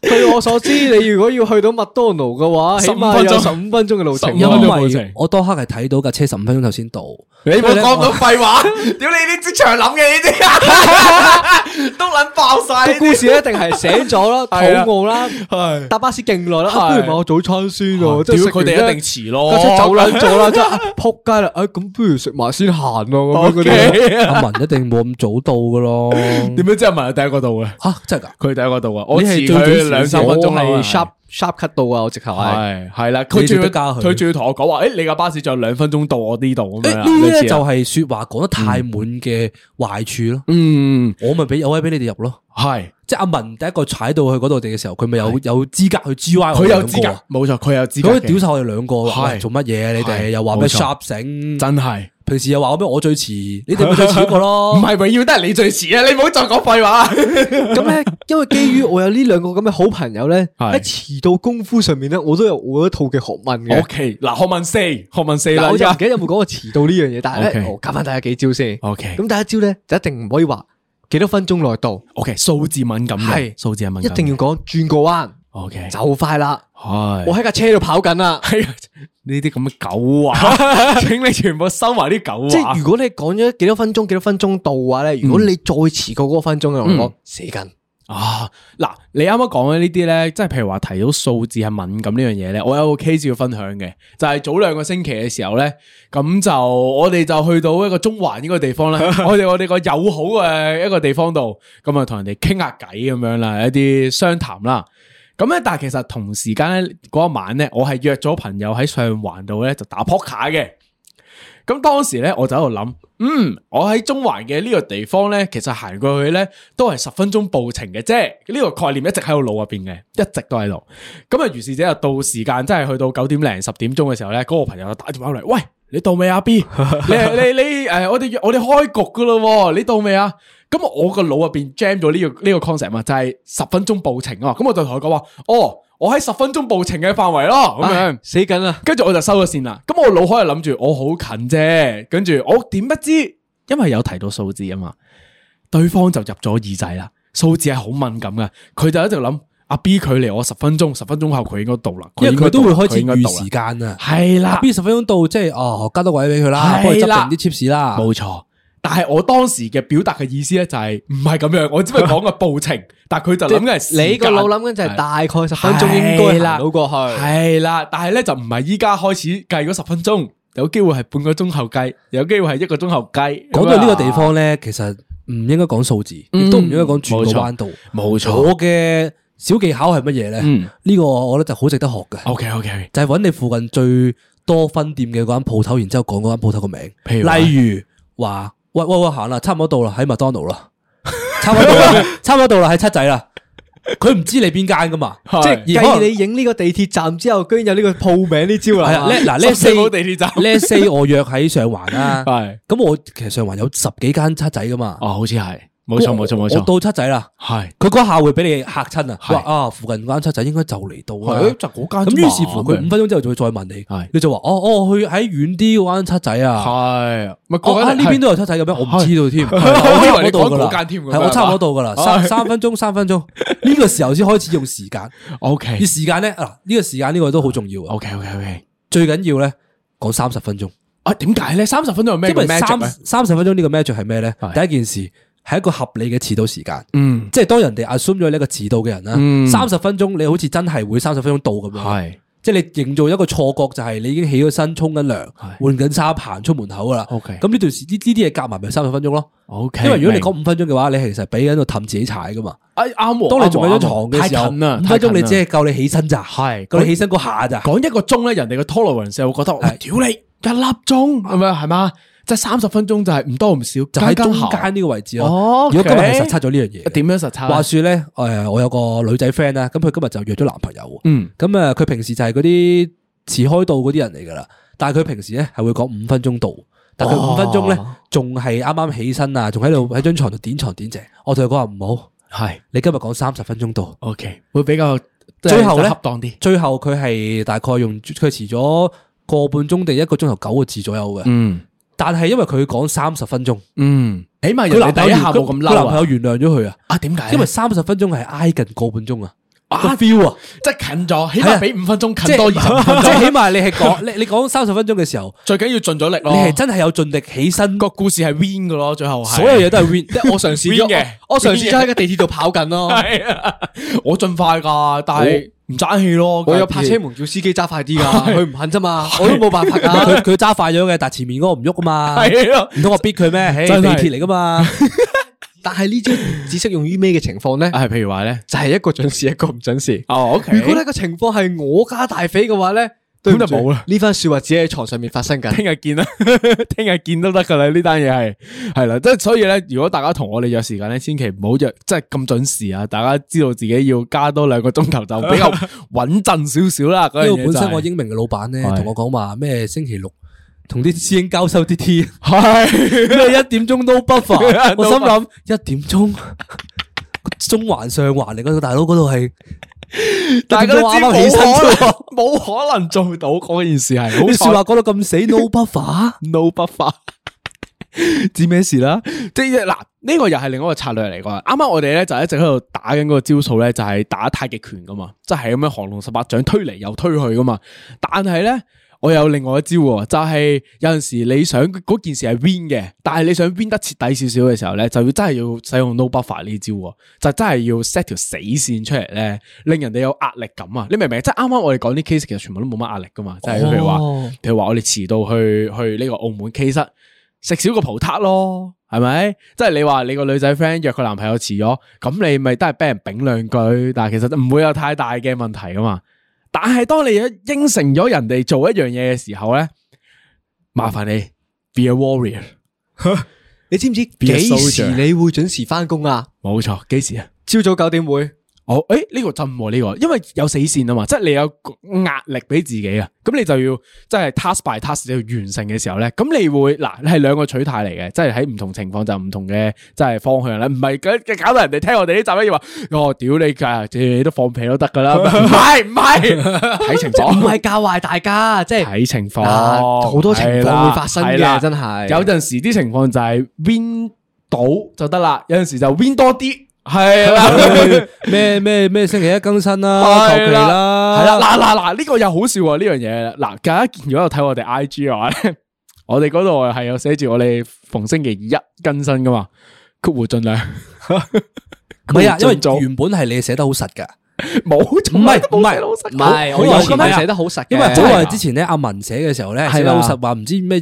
據我所知，你如果要去到麥當勞嘅話，起碼有十五分鐘嘅路程。我咪我當刻係睇到架車十五分鐘頭先到。你講唔到廢話，屌你啲職場諗嘅呢啲，都諗爆晒。個故事一定係寫咗啦，肚餓啦，搭巴士勁耐啦，不如買個早餐先啊！即係佢哋一定遲咯，走捻咗啦，即係撲街啦！哎，咁不如食埋先行咯。咁樣嗰啲阿文一定冇咁早到嘅咯。點樣知阿文係第一個到嘅？吓，真係噶，佢第一個到啊！我係兩三分鐘係 sharp sharp cut 到啊！我直頭係係啦，佢仲要加佢，仲要同我講話，誒，你架巴士仲有兩分鐘到我呢度咁樣。呢啲就係說話講得太滿嘅壞處咯。嗯，我咪俾有位俾你哋入咯。係，即係阿文第一個踩到去嗰度地嘅時候，佢咪有有資格去 GY，佢有資格。冇錯，佢有資格。佢屌晒我哋兩個，係做乜嘢？你哋又話咩 sharp 醒，真係。平時又話我咩我最遲，你哋咪最遲一個咯，唔係咪要都係你最遲啊？你唔好再講廢話。咁咧，因為， (laughs) 因為基於我有呢兩個咁嘅好朋友咧，喺遲 (laughs) 到功夫上面咧，我都有我一套嘅學問嘅。O K，嗱，學問四，學問四啦。我唔記得有冇講過遲到呢樣嘢，但係咧，Okay. 我教翻大家幾招先。O K，咁第一招咧就一定唔可以話幾多分鐘內到。O K，數字敏感係，數是字敏感一定要講轉個彎。O Okay , K 就快啦，係嘿我喺架車度跑緊啦。係呢啲咁嘅狗啊，請 (laughs) 你全部收埋啲狗啊。即係如果你講咗幾多分鐘，幾多分鐘到話咧，如果你再遲過嗰分鐘嘅話，嗯、我死緊、嗯、啊！嗱，你啱啱講緊呢啲咧，即係譬如話提到數字係敏感呢樣嘢咧，我有個 case 要分享嘅，就係、是、早兩個星期嘅時候咧，咁就我哋就去到一個中環呢個地方咧，我哋我哋個友好嘅一個地方度，咁啊同人哋傾下偈咁樣啦，一啲商談啦。咁咧，但係其實同時間咧，嗰一晚咧，我係約咗朋友喺上環度咧就打撲克嘅。咁當時咧，我就喺度諗：「嗯，我喺中環嘅呢個地方咧，其實行過去咧都係十分鐘步程嘅啫。」呢個概念一直喺度腦入邊嘅，一直都喺度。咁啊，如是者啊，到時間真係去到九點零十點鐘嘅時候咧，嗰個朋友就打電話嚟，喂，你到未啊？B， (laughs) 你你你誒，我哋我哋開局噶啦，你到未啊？咁我腦個腦入邊 jam 咗呢個呢個 concept 嘛，就係、是、十分鐘步程啊！咁我就同佢講話，哦，我喺十分鐘步程嘅範圍咯，咁唉樣死緊啦！跟住我就收咗線啦。咁我腦海係諗住我好近啫，跟住我點不知，因為有提到數字啊嘛，對方就入咗耳仔啦。數字係好敏感噶，佢就一直諗阿 B 佢離我十分鐘，十分鐘後佢應該到啦。佢都會開始預時間啊，係啦，B 十分鐘到，即係哦，加多位俾佢啦，不過要定啲 tips 啦，冇錯啦。啦但係我當時嘅表達嘅意思咧，就係唔係咁樣，我只不過講 (laughs) 個步程。但佢就諗緊，你個腦諗緊就係大概十分鐘應該行到過去。係啦的，但係咧就唔係依家開始計嗰十分鐘，有機會係半個鐘後計，有機會係一個鐘後計。講到呢個地方咧，啊、其實唔應該講數字，亦都唔應該講轉彎道。冇錯，錯我嘅小技巧係乜嘢咧？呢、嗯、個我覺得就好值得學嘅。OK，OK，、okay，okay , okay. 就係搵你附近最多分店嘅嗰間鋪頭，然之後講嗰間鋪頭個名。例如話。喂喂喂，行啦，差唔多到啦，喺麥當勞啦，差唔多，到差唔多到啦，喺七仔啦，佢唔知你邊間噶嘛，即係計你影呢個地鐵站之後，居然有呢個鋪名呢招啊，係、啊，嗱，呢四地鐵站，呢四我約喺上環啦、啊，係，咁我其實上環有十幾間七仔噶嘛，哦，好似係。冇錯冇錯冇錯，我到七仔啦，係佢嗰下會俾你嚇親啊，啊附近嗰間七仔應該就嚟到啊，間。咁於是乎，佢五分鐘之後就會再問你，佢就話哦哦，去喺遠啲嗰間七仔啊，係咪？呢邊都有七仔咁樣？我唔知道添，我差唔多到噶啦，三三分鐘，三分鐘，呢個時候先開始用時間。O K，啲時間咧，嗱，呢個時間呢個都好重要啊。O K O K O K，最緊要咧，講三十分鐘啊？點解咧？三十分鐘有咩咩？三十分鐘呢個 magic 係咩咧？第一件事。係一個合理嘅遲到時間，嗯，即係當人哋 assume 咗你呢個遲到嘅人啦，三十分鐘你好似真係會三十分鐘到咁樣，係，即係你營造一個錯覺就係你已經起咗身沖緊涼，換緊衫，行出門口噶啦，OK，咁呢段時呢呢啲嘢夾埋咪三十分鐘咯，OK，因為如果你講五分鐘嘅話，你其實俾緊度氹自己踩噶嘛，哎啱當你仲喺床嘅時候，太近啦，五分鐘你只係夠你起身咋，係，夠你起身個下咋，講一個鐘咧，人哋個 tolerance 會覺得，屌你一粒鐘係咪？係嘛？即三十分鐘就係唔多唔少，就喺中間呢個位置咯。哦 okay? 如果今日係實測咗呢樣嘢，點樣實測？話說咧，誒，我有個女仔 friend 啦，咁佢今日就約咗男朋友。嗯，咁啊，佢平時就係嗰啲遲開到嗰啲人嚟噶啦，但係佢平時咧係會講五分鐘到，但佢五分鐘咧仲係啱啱起身啊，仲喺度喺張床度點床點正。我同佢講話唔好，係是你今日講三十分鐘到，OK，會比較恰最後咧恰當啲。最後佢係大概用佢係遲咗個半鐘定一個鐘頭九個字左右嘅。嗯。但係因為佢講三十分鐘，嗯，起碼有哋第一下冇咁嬲，啊，佢男朋友原諒咗佢啊，啊點解？因為三十分鐘係挨近個半鐘啊。哇 feel 啊，即係近咗，起碼比五分鐘近多二十分鐘。起碼你係講，你你講三十分鐘嘅時候，最緊要盡咗力咯。你係真係有盡力起身，個故事係 win 嘅咯，最後係。所有嘢都係 win，我嘗試。喐，嘅，我嘗試真係喺個地鐵度跑緊咯。我盡快噶，但係唔爭氣咯。我有拍車門，叫司機揸快啲噶，佢唔肯啫嘛。我都冇辦法噶，佢佢揸快咗嘅，但係前面嗰個唔喐啊嘛。唔通我逼佢咩？真係地鐵嚟噶嘛。但係呢招只適用於咩嘅情況咧？係譬、啊、如話咧，就係、是、一個準時，一個唔準時。哦，OK。如果呢個情況係我加大肥嘅話咧，咁就冇啦。呢番說話只喺床上面發生緊。聽日見啦，聽日見都得㗎啦。呢單嘢係係啦，即係所以咧，如果大家同我哋約時間咧，千祈唔好約，即係咁準時啊！大家知道自己要加多兩個鐘頭就比較穩陣少少啦。 (laughs) 就是、因為本身我英明嘅老闆咧，同的我講話咩星期六。同啲師兄交收啲天， (laughs) 係因為一點鐘都 no buffer。我心諗一 (laughs) 點鐘， (laughs) 中環上環嚟嗰度，大佬嗰度係， (laughs) 大家都知，起身冇 (laughs) 可能做到嗰 (laughs) 件事係。你 (laughs) 說話講到咁死都 no buffer，no buffer 知咩事啦？即係嗱，呢個又係另外一個策略嚟噶。啱啱我哋咧就一直喺度打緊嗰個招數咧，就係、是、打太極拳噶嘛，即係咁樣降龍十八掌推嚟又推去噶嘛，但係咧。我有另外一招喎，就係、是、有陣時你想嗰件事係 win 嘅，但係你想 win 得徹底少少嘅時候咧，就要真係要使用 no buffer 呢招喎，就真係要 set 條死線出嚟咧，令人哋有壓力感啊！你明唔明？即係啱啱我哋講啲 case 其實全部都冇乜壓力噶嘛，即係譬如話，譬、哦、如話我哋遲到去去呢個澳門 case 室，食少個葡撻咯，係咪？即係你話你個女仔 friend 約個男朋友遲咗，咁你咪都係畀人丙兩句，但係其實唔會有太大嘅問題噶嘛。但係當你應承咗人哋做一樣嘢嘅時候咧，麻煩你 be a warrior。 (laughs) 你知唔知幾 a 時你會準時翻工啊？冇錯，幾時啊？朝早九點會。哦，誒、欸，呢、這個震呢、啊這個，因為有死線啊嘛，即、就、係、是、你有壓力俾自己啊，咁你就要即係 task by task 你要完成嘅時候咧，咁你會嗱，你係兩個取態嚟嘅，即係喺唔同情況就唔同嘅即係方向咧，唔係搞到人哋聽我哋呢集咧要話，哦，屌你架，你都放屁都得噶啦，唔係唔係，睇 (laughs) (laughs) 情況，唔係教壞大家，即係睇情況，好、啊、多情況會發生嘅，真係的，有陣時啲情況就係 win 到就得啦，有陣時就 win 多啲。係啦，咩咩咩星期一更新啦，求其啦，係啦，嗱嗱嗱，呢個又好笑啊！呢樣嘢，嗱，如果有睇我哋 IG 嘅話，我哋嗰度係有寫住我哋逢星期一更新噶嘛，括弧盡量，唔係，因為早原本係你寫得好實噶，冇，唔係，唔係，唔係，我有前排寫得好實，因為好耐之前咧，阿文寫嘅時候咧，係老實話唔知咩。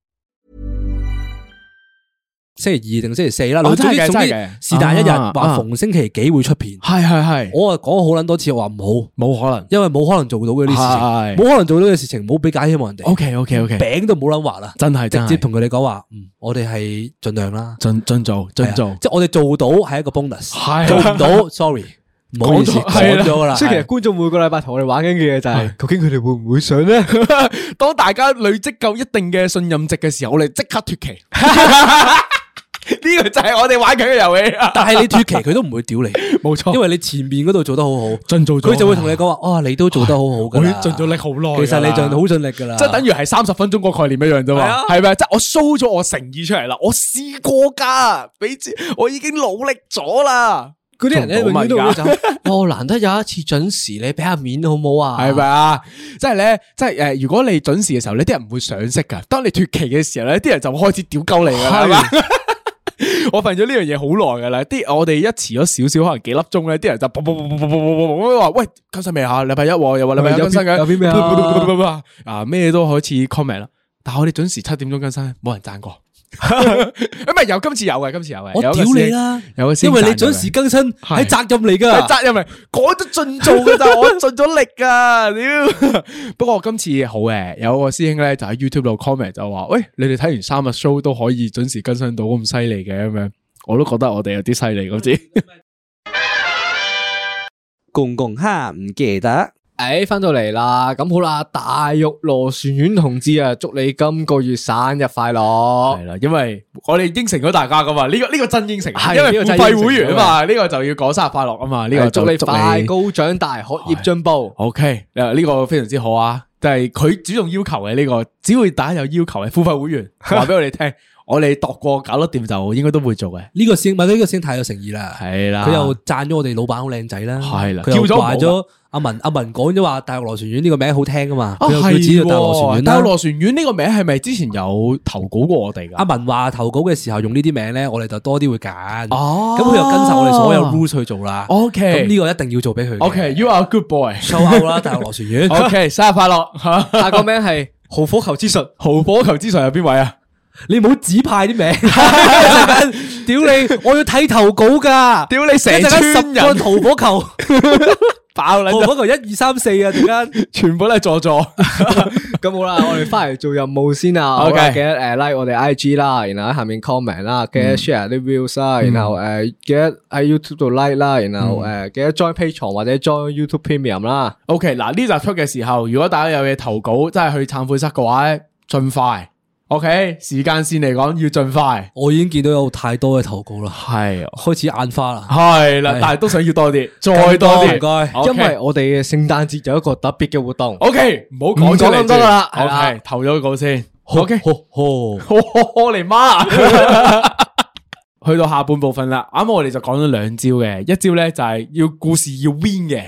星期二定星期四啦，老真係真嘅。是但一日話逢星期幾會出片，係係係。我話講好捻多次，話唔好，冇可能，因為冇可能做到嗰啲事情，冇可能做到嘅事情，唔好俾假希望人哋。OK，OK，OK，餅都冇捻話啦，真係直接同佢哋講話，我哋係盡量啦，盡盡做盡做。即係我哋做到係一個 bonus，做唔到 sorry，唔好意思講咗啦。所以其實觀眾每個禮拜同我哋玩緊嘅嘢就係，究竟佢哋會唔會上咧？當大家累積夠一定嘅信任值嘅時候，我哋即刻脫期。呢個就係我哋玩緊嘅遊戲啊！但係你脫期佢都唔會屌你，冇錯，因為你前面嗰度做得好好，盡做咗，佢就會同你講話：哦，你都做得好好噶，盡咗力好耐。其實你盡好盡力噶啦，即係等於係三十分鐘個概念一樣啫嘛。係咪？即係我 show 咗我誠意出嚟啦，我試過噶，俾我已經努力咗啦。嗰啲人咧，邊度咧就，哦，難得有一次準時，你俾下面好唔好啊？係咪啊？即係咧，即係誒，如果你準時嘅時候，咧啲人唔會賞識噶。當你脫期嘅時候咧，啲人就會開始屌鳩你噶啦。我瞓咗呢樣嘢好耐噶啦，啲我哋一遲咗少少，可能幾粒鐘咧，啲人就啵啵啵啵啵啵啵咁樣話：喂，更新未啊？禮拜一又話禮拜一更新嘅，有啲咩啊？啊，咩都開始 comment 啦。但係我哋準時七點鐘更新，冇人讚過。咁咪有今次有嘅，今次有嘅。我屌操 你啦了，有因為你準時更新係責任嚟噶，是責任嚟，講得盡做噶咋， (laughs) 我盡咗力噶。屌， (laughs) 不過今次好嘅，有個師兄咧就喺 YouTube 度 comment 就話，喂，你哋睇完三日 show 都可以準時更新到咁犀利嘅咁樣，我都覺得我哋有啲犀利嗰啲。公公蝦唔記得。誒，翻到嚟啦，咁好啦，大玉螺旋丸同志啊，祝你今個月生日快樂。係啦，因為我哋應承咗大家噶嘛，呢個呢個真應承，係因為付費會員啊嘛，呢個就要講生日快樂啊嘛，呢個祝你快高長大，學業進步。OK，呢個非常之好啊，就係佢主動要求嘅呢個，只會打有要求嘅付費會員話俾我哋聽。我哋度過搞得掂就應該都會做嘅，呢個先唔係呢個先太有誠意啦。係啦，佢又讚咗我哋老闆好靚仔啦。係啦，佢叫埋咗阿文，阿文講咗話《大陸螺旋丸》呢個名好聽㗎嘛。啊係，《大陸螺旋丸》呢個名係咪之前有投稿過我哋噶？阿文話投稿嘅時候用呢啲名咧，我哋就多啲會揀。哦，咁佢又遵守我哋所有 rules 去做啦。OK，咁呢個一定要做俾佢。OK，you are a good boy，so 啦，《大陸螺旋丸》。OK，生日快樂。下個名係豪火球之術，豪火球之術有邊位啊？你唔好指派啲名，屌你！我要睇投稿噶，屌你成村人淘寶球，爆啦！淘寶球一二三四啊，點解全部都係助助？咁好啦，我哋翻嚟做任務先啊。OK，記得誒 like 我哋 IG 啦，然後喺下面 comment 啦，記得 share 啲 views 啦，然後誒記得喺 YouTube 度 like 啦，然後誒記得 join Patreon 或者 join YouTube Premium 啦。OK，嗱呢集出嘅時候，如果大家有嘢投稿，真係去懺悔室嘅話咧，盡快。OK，時間線嚟講要盡快。我已經見到有太多嘅投稿啦，係開始眼花啦，係啦，但係都想要多啲，再多啲，唔該。因為我哋嘅聖誕節有一個特別嘅活動。OK，唔好講咗咁多啦，係啦，投咗個先。OK，吼吼，我嚟媽！去到下半部分啦，啱啱我哋就講咗兩招嘅，一招咧就係要故事要 win 嘅。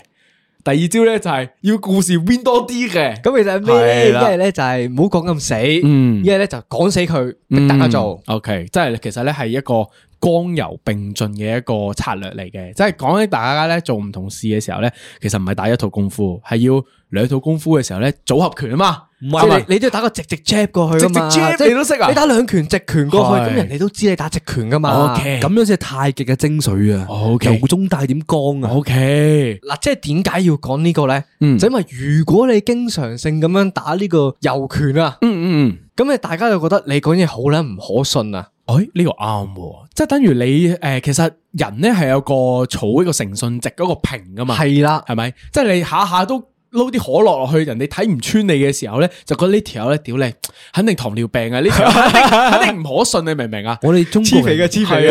第二招咧就係、是、要故事 win 多啲嘅，咁 (laughs) 其實咩？一係咧就係唔好講咁死，一係咧就講死佢，逼大家做。嗯、o、okay, K，即係其實咧係一個，光柔並進嘅一個策略嚟嘅，即係講起大家咧做唔同事嘅時候咧，其實唔係打一套功夫，係要兩套功夫嘅時候咧，組合拳啊嘛，唔係是吧你都要打個直直 jab 過去，直直 jab 你都識啊，你打兩拳直拳過去，咁是人哋都知你打直拳噶嘛，o Okay ,咁樣先係太極嘅精髓啊，柔 Okay, 中帶點剛啊，嗱 Okay,、啊，即係點解要講呢個咧？嗯、就因為如果你經常性咁樣打呢個柔拳啊、嗯，嗯嗯咁啊，大家就覺得你講嘢好撚唔可信啊。哎，呢個啱喎，即係等於你誒，其實人咧係有個草，一個誠信值嗰個評噶嘛，係啦，係咪？即係你下下都撈啲可樂落去，人哋睇唔穿你嘅時候咧，就覺得呢條友咧屌你，肯定糖尿病啊！呢條肯定唔可信，你明唔明啊？我哋中國人，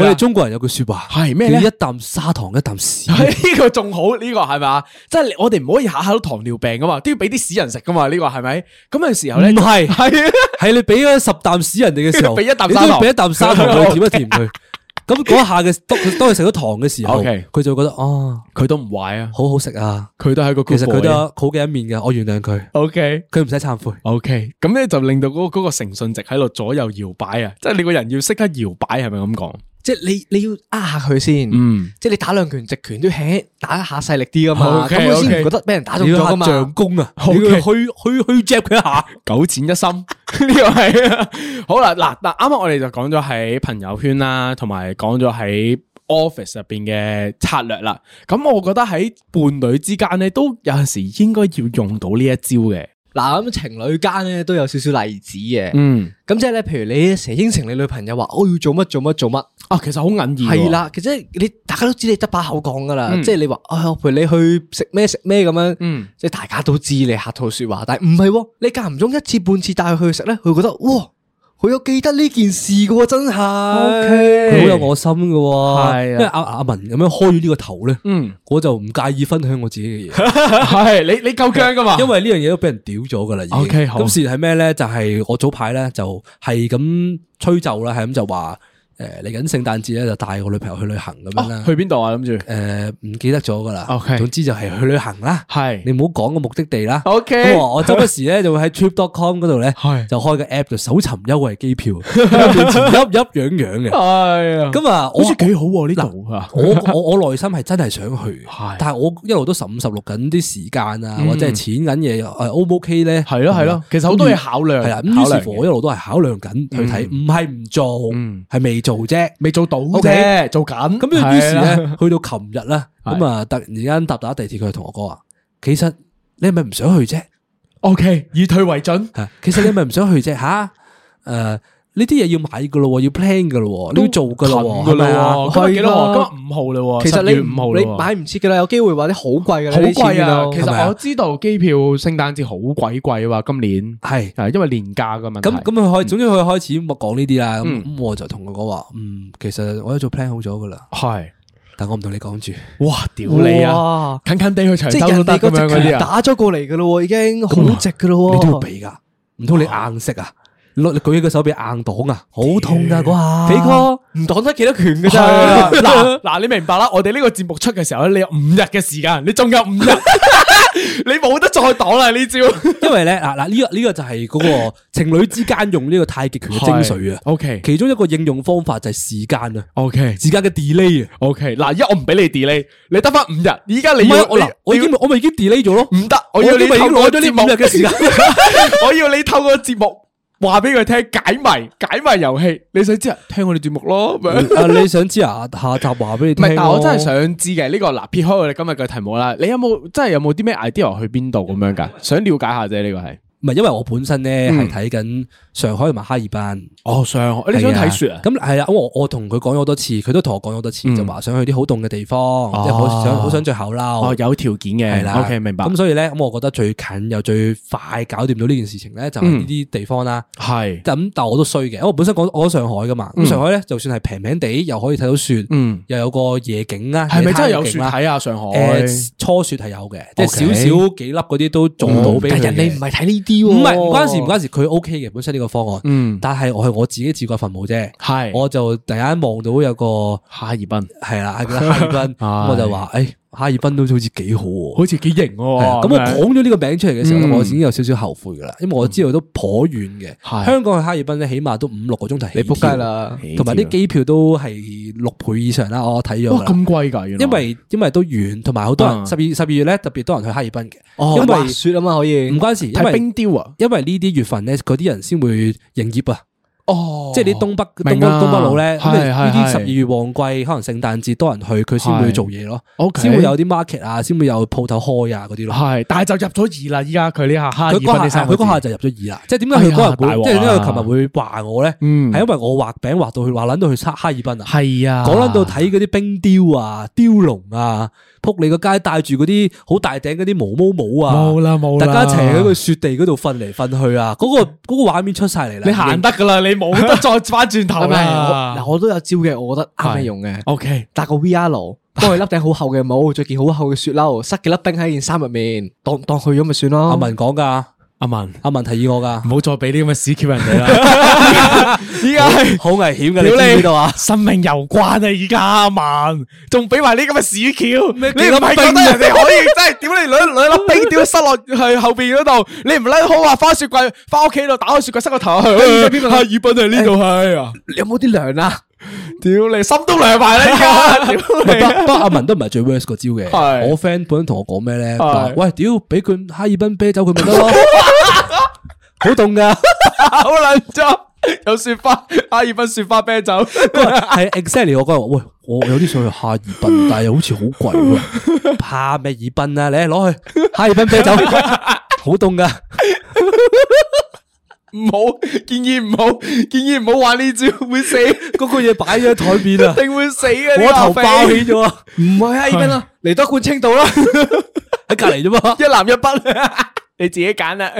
我哋中國人有句說話係咩？你一啖砂糖，一啖屎。呢個仲好，呢個係咪啊？即係我哋唔可以下下都糖尿病噶嘛，都要俾啲屎人食噶嘛？呢個係咪？咁嘅時候咧，唔係係。係你俾咗十啖屎人哋嘅時候，一你都俾一啖沙糖佢舔一舔佢，咁嗰下嘅當當佢食咗糖嘅時候，佢 Okay. 就會覺得哦，佢都唔壞啊，好好食啊，佢都係一個其實佢都好嘅一面嘅，我原諒佢。OK，佢唔使懺悔。OK，咁、okay. 咧就令到嗰嗰個誠信值喺度左右搖擺啊！即、就、係、是、你個人要識得搖擺，係咪咁講？即係你你要呃下佢先，嗯、即係你打兩拳直拳都起，打一下細力啲噶嘛，咁先唔覺得俾人打中咗噶嘛。將功啊，你去 Okay. 去去 jap 佢一下，九淺 (laughs) 一深呢個係啊。好啦，嗱嗱啱啱我哋就講咗喺朋友圈啦，同埋講咗喺 office 入邊嘅策略啦。咁我覺得喺伴侶之間咧，都有陣時應該要用到呢一招嘅。嗱，咁情侶間咧都有少少例子嘅，咁、嗯、即係咧，譬如你成日應承你女朋友話，我要做乜做乜做乜啊，其實好隱義。係啦，其實你大家都知你得把口講噶啦，嗯、即係你話，哎，我陪你去食咩食咩咁樣，嗯、即係大家都知你客套説話，但係唔係喎，你間唔中一次半次帶佢去食咧，佢會覺得哇～佢有記得呢件事嘅喎，真係 OK，佢好有我心嘅喎，的因為阿阿文咁樣開呢個頭咧，嗯，我就唔介意分享我自己嘅嘢，係 (laughs) 你你夠姜嘅嘛，因為了了 okay, 好呢樣嘢都俾人屌咗嘅啦，已經咁事係咩咧？就係、是、我早排咧就係咁吹奏啦，係咁就話。誒，嚟緊聖誕節咧，就帶我女朋友去旅行咁樣啦。去邊度啊？諗住誒，唔記得咗噶啦。OK，總之就係去旅行啦。係，你唔好講個目的地啦。OK，我周不時咧就會喺 Trip.com 嗰度咧，就開個 app 就搜尋優惠機票，變前凹嘅。係啊，咁啊，好似幾好啊呢度。我我我內心係真係想去，但係我一路都十五十六緊啲時間啊，或者係錢緊嘢，誒，O 唔 O K 咧？係咯係咯，其實好多嘢考量，係啊，咁考慮，我一路都係考量緊去睇，唔係唔做，係未做。做啫，未做到啫，OK，做緊。咁於是咧，去到琴日咧，咁啊，突然間搭搭地鐵，佢同我講啊，其實你係咪唔想去啫？OK，以退為進。其實你係咪唔想去啫，吓，誒。呢啲嘢要買噶咯，要 plan 噶咯，都要做噶咯，佢咪啊？係啦，今日幾多號，今日五號，其實你五號你買唔切噶啦，有機會話啲好貴嘅，好貴啊！其實我知道機票聖誕節好鬼貴哇，今年係係因為年假嘅嘛。咁咁佢開，總之佢開始講呢啲啦。咁我就同佢講話，嗯，其實我已經做 plan 好咗噶啦。係，但我唔同你講住。哇，屌你啊！近近地去長沙咁樣嘅啲打咗過嚟噶啦，已經好值噶啦，你都要俾噶？唔通你硬色啊？攞起個手臂硬擋啊，好痛噶啩？幾個唔擋得幾多拳噶啫？嗱嗱，你明白啦？我哋呢個節目出嘅時候咧，你有五日嘅時間，你仲有五日，你冇得再擋啦呢招。因為咧嗱嗱，呢個呢個就係嗰個情侶之間用呢個太極拳嘅精髓啊。OK，其中一個應用方法就係時間啊。OK，時間嘅 delay 啊。OK，嗱而家我唔俾你 delay，你得翻五日。而家你要我嗱，我已我咪已經 delay 咗咯？唔得，我要你咪已經攞咗呢五日嘅時間，我要你透過節目。話俾佢聽解謎解謎遊戲，你想知啊？聽我哋節目咯。 (laughs) 啊，你想知啊？下集話俾你聽。唔係，但我真係想知嘅呢我、呢個嗱，撇開我哋今日嘅題目啦，你有冇真係有冇啲咩 idea 去邊度咁樣噶？想了解下啫，呢、呢個係。唔係，因為我本身咧係睇緊上海同埋哈爾濱。哦，上海你想睇雪啊？咁係啊，我我同佢講咗好多次，佢都同我講咗好多次就話想去啲好凍嘅地方，即係好想好想著厚褸。哦，有條件嘅係啦。O K 明白。咁所以咧，咁我覺得最近又最快搞掂到呢件事情咧，就係呢啲地方啦。係。咁但我都衰嘅，我本身講我上海㗎嘛。咁上海咧，就算係平平地，又可以睇到雪，又有個夜景啦。係咪真係有雪睇？下上海初雪係有嘅，即係少少幾粒嗰啲都中到俾佢。但係你唔係睇呢啲。唔係唔關事，唔關事，佢 O K 嘅本身呢個方案，嗯，但係我係我自己自掘墳墓啫，是我就突然間望到有個哈爾濱，係啦，個哈爾濱， (laughs) 我就話，的哎。哈爾濱都好似幾好喎，好似幾型喎。咁我講咗呢個名出嚟嘅時候，我已經有少少後悔噶啦，因為我知道都頗遠嘅。香港去哈爾濱咧，起碼都五六個鐘頭起跳。你仆街啦，同埋啲機票都係六倍以上啦。我睇咗，咁貴噶，因為因為都遠，同埋好多人十二十二月咧特別多人去哈爾濱嘅，因為滑雪啊嘛可以，唔關事，睇冰雕啊，因為呢啲月份咧嗰啲人先會營業啊。哦，即係你東北、東北、東北佬咧，呢啲十二月旺季，可能聖誕節多人去，佢先會去做嘢咯，先會有啲 market 啊，先會有鋪頭開啊嗰啲咯。係，但係就入咗二啦，依家佢呢下哈佢嗰下就入咗二啦。即係點解佢嗰人會，即係因為琴日會話我咧，係因為我畫餅畫到去，畫捻到去哈哈爾濱啊，係啊，講捻到睇嗰啲冰雕啊、雕龍啊。撲你個街，帶住嗰啲好大頂嗰啲毛毛帽啊！冇啦冇啦，大家齊一齊喺個雪地嗰度瞓嚟瞓去啊！嗰、嗰個嗰、嗰個畫面出晒嚟啦，你行得噶啦，經你冇得再翻轉頭啊！嗱， (laughs) 我都有招嘅，我覺得啱用嘅。O、okay. K，搭個 V R 帽，幫佢笠頂好厚嘅帽，着件好厚嘅雪褸，塞幾粒冰喺件衫入面，當當去咗咪算咯。阿文講噶。阿文，阿文提議我噶，唔好再俾啲咁嘅屎橋人哋啦。依家係好危險嘅，你知唔知道啊？生命攸關啊！而家、啊、阿文仲俾埋呢咁嘅屎橋，你諗下，你覺得人哋可以真係屌你兩兩粒冰掉塞落去後邊嗰度，你唔甩好話翻雪櫃，翻屋企度打開雪櫃塞個頭去。邊個的？哈爾濱係呢度係啊？你有冇啲涼啊？屌你，心都涼埋啦！依家，北北阿文都唔係最 worst 個招嘅。係是的 我 friend 本身同我講咩咧？喂，屌，俾罐哈爾濱啤酒佢咪得咯，好凍噶，好冷咗，有雪花，哈爾濱雪花啤酒。係 (laughs) exactly，我今日喂，我有啲想去哈爾濱，但係又好似好貴，怕咩、啊？爾濱啊，嚟攞去哈爾濱啤酒，好凍噶。唔好建議好，唔好建議，唔好玩呢招會死。嗰 (laughs) 個嘢擺咗喺台邊啊，定會死啊！我頭爆起咗啊！唔係啊，已經啦，嚟得冠青島啦，喺 (laughs) 隔籬啫嘛， (laughs) 一男一北， (laughs) (laughs) 你自己揀啦。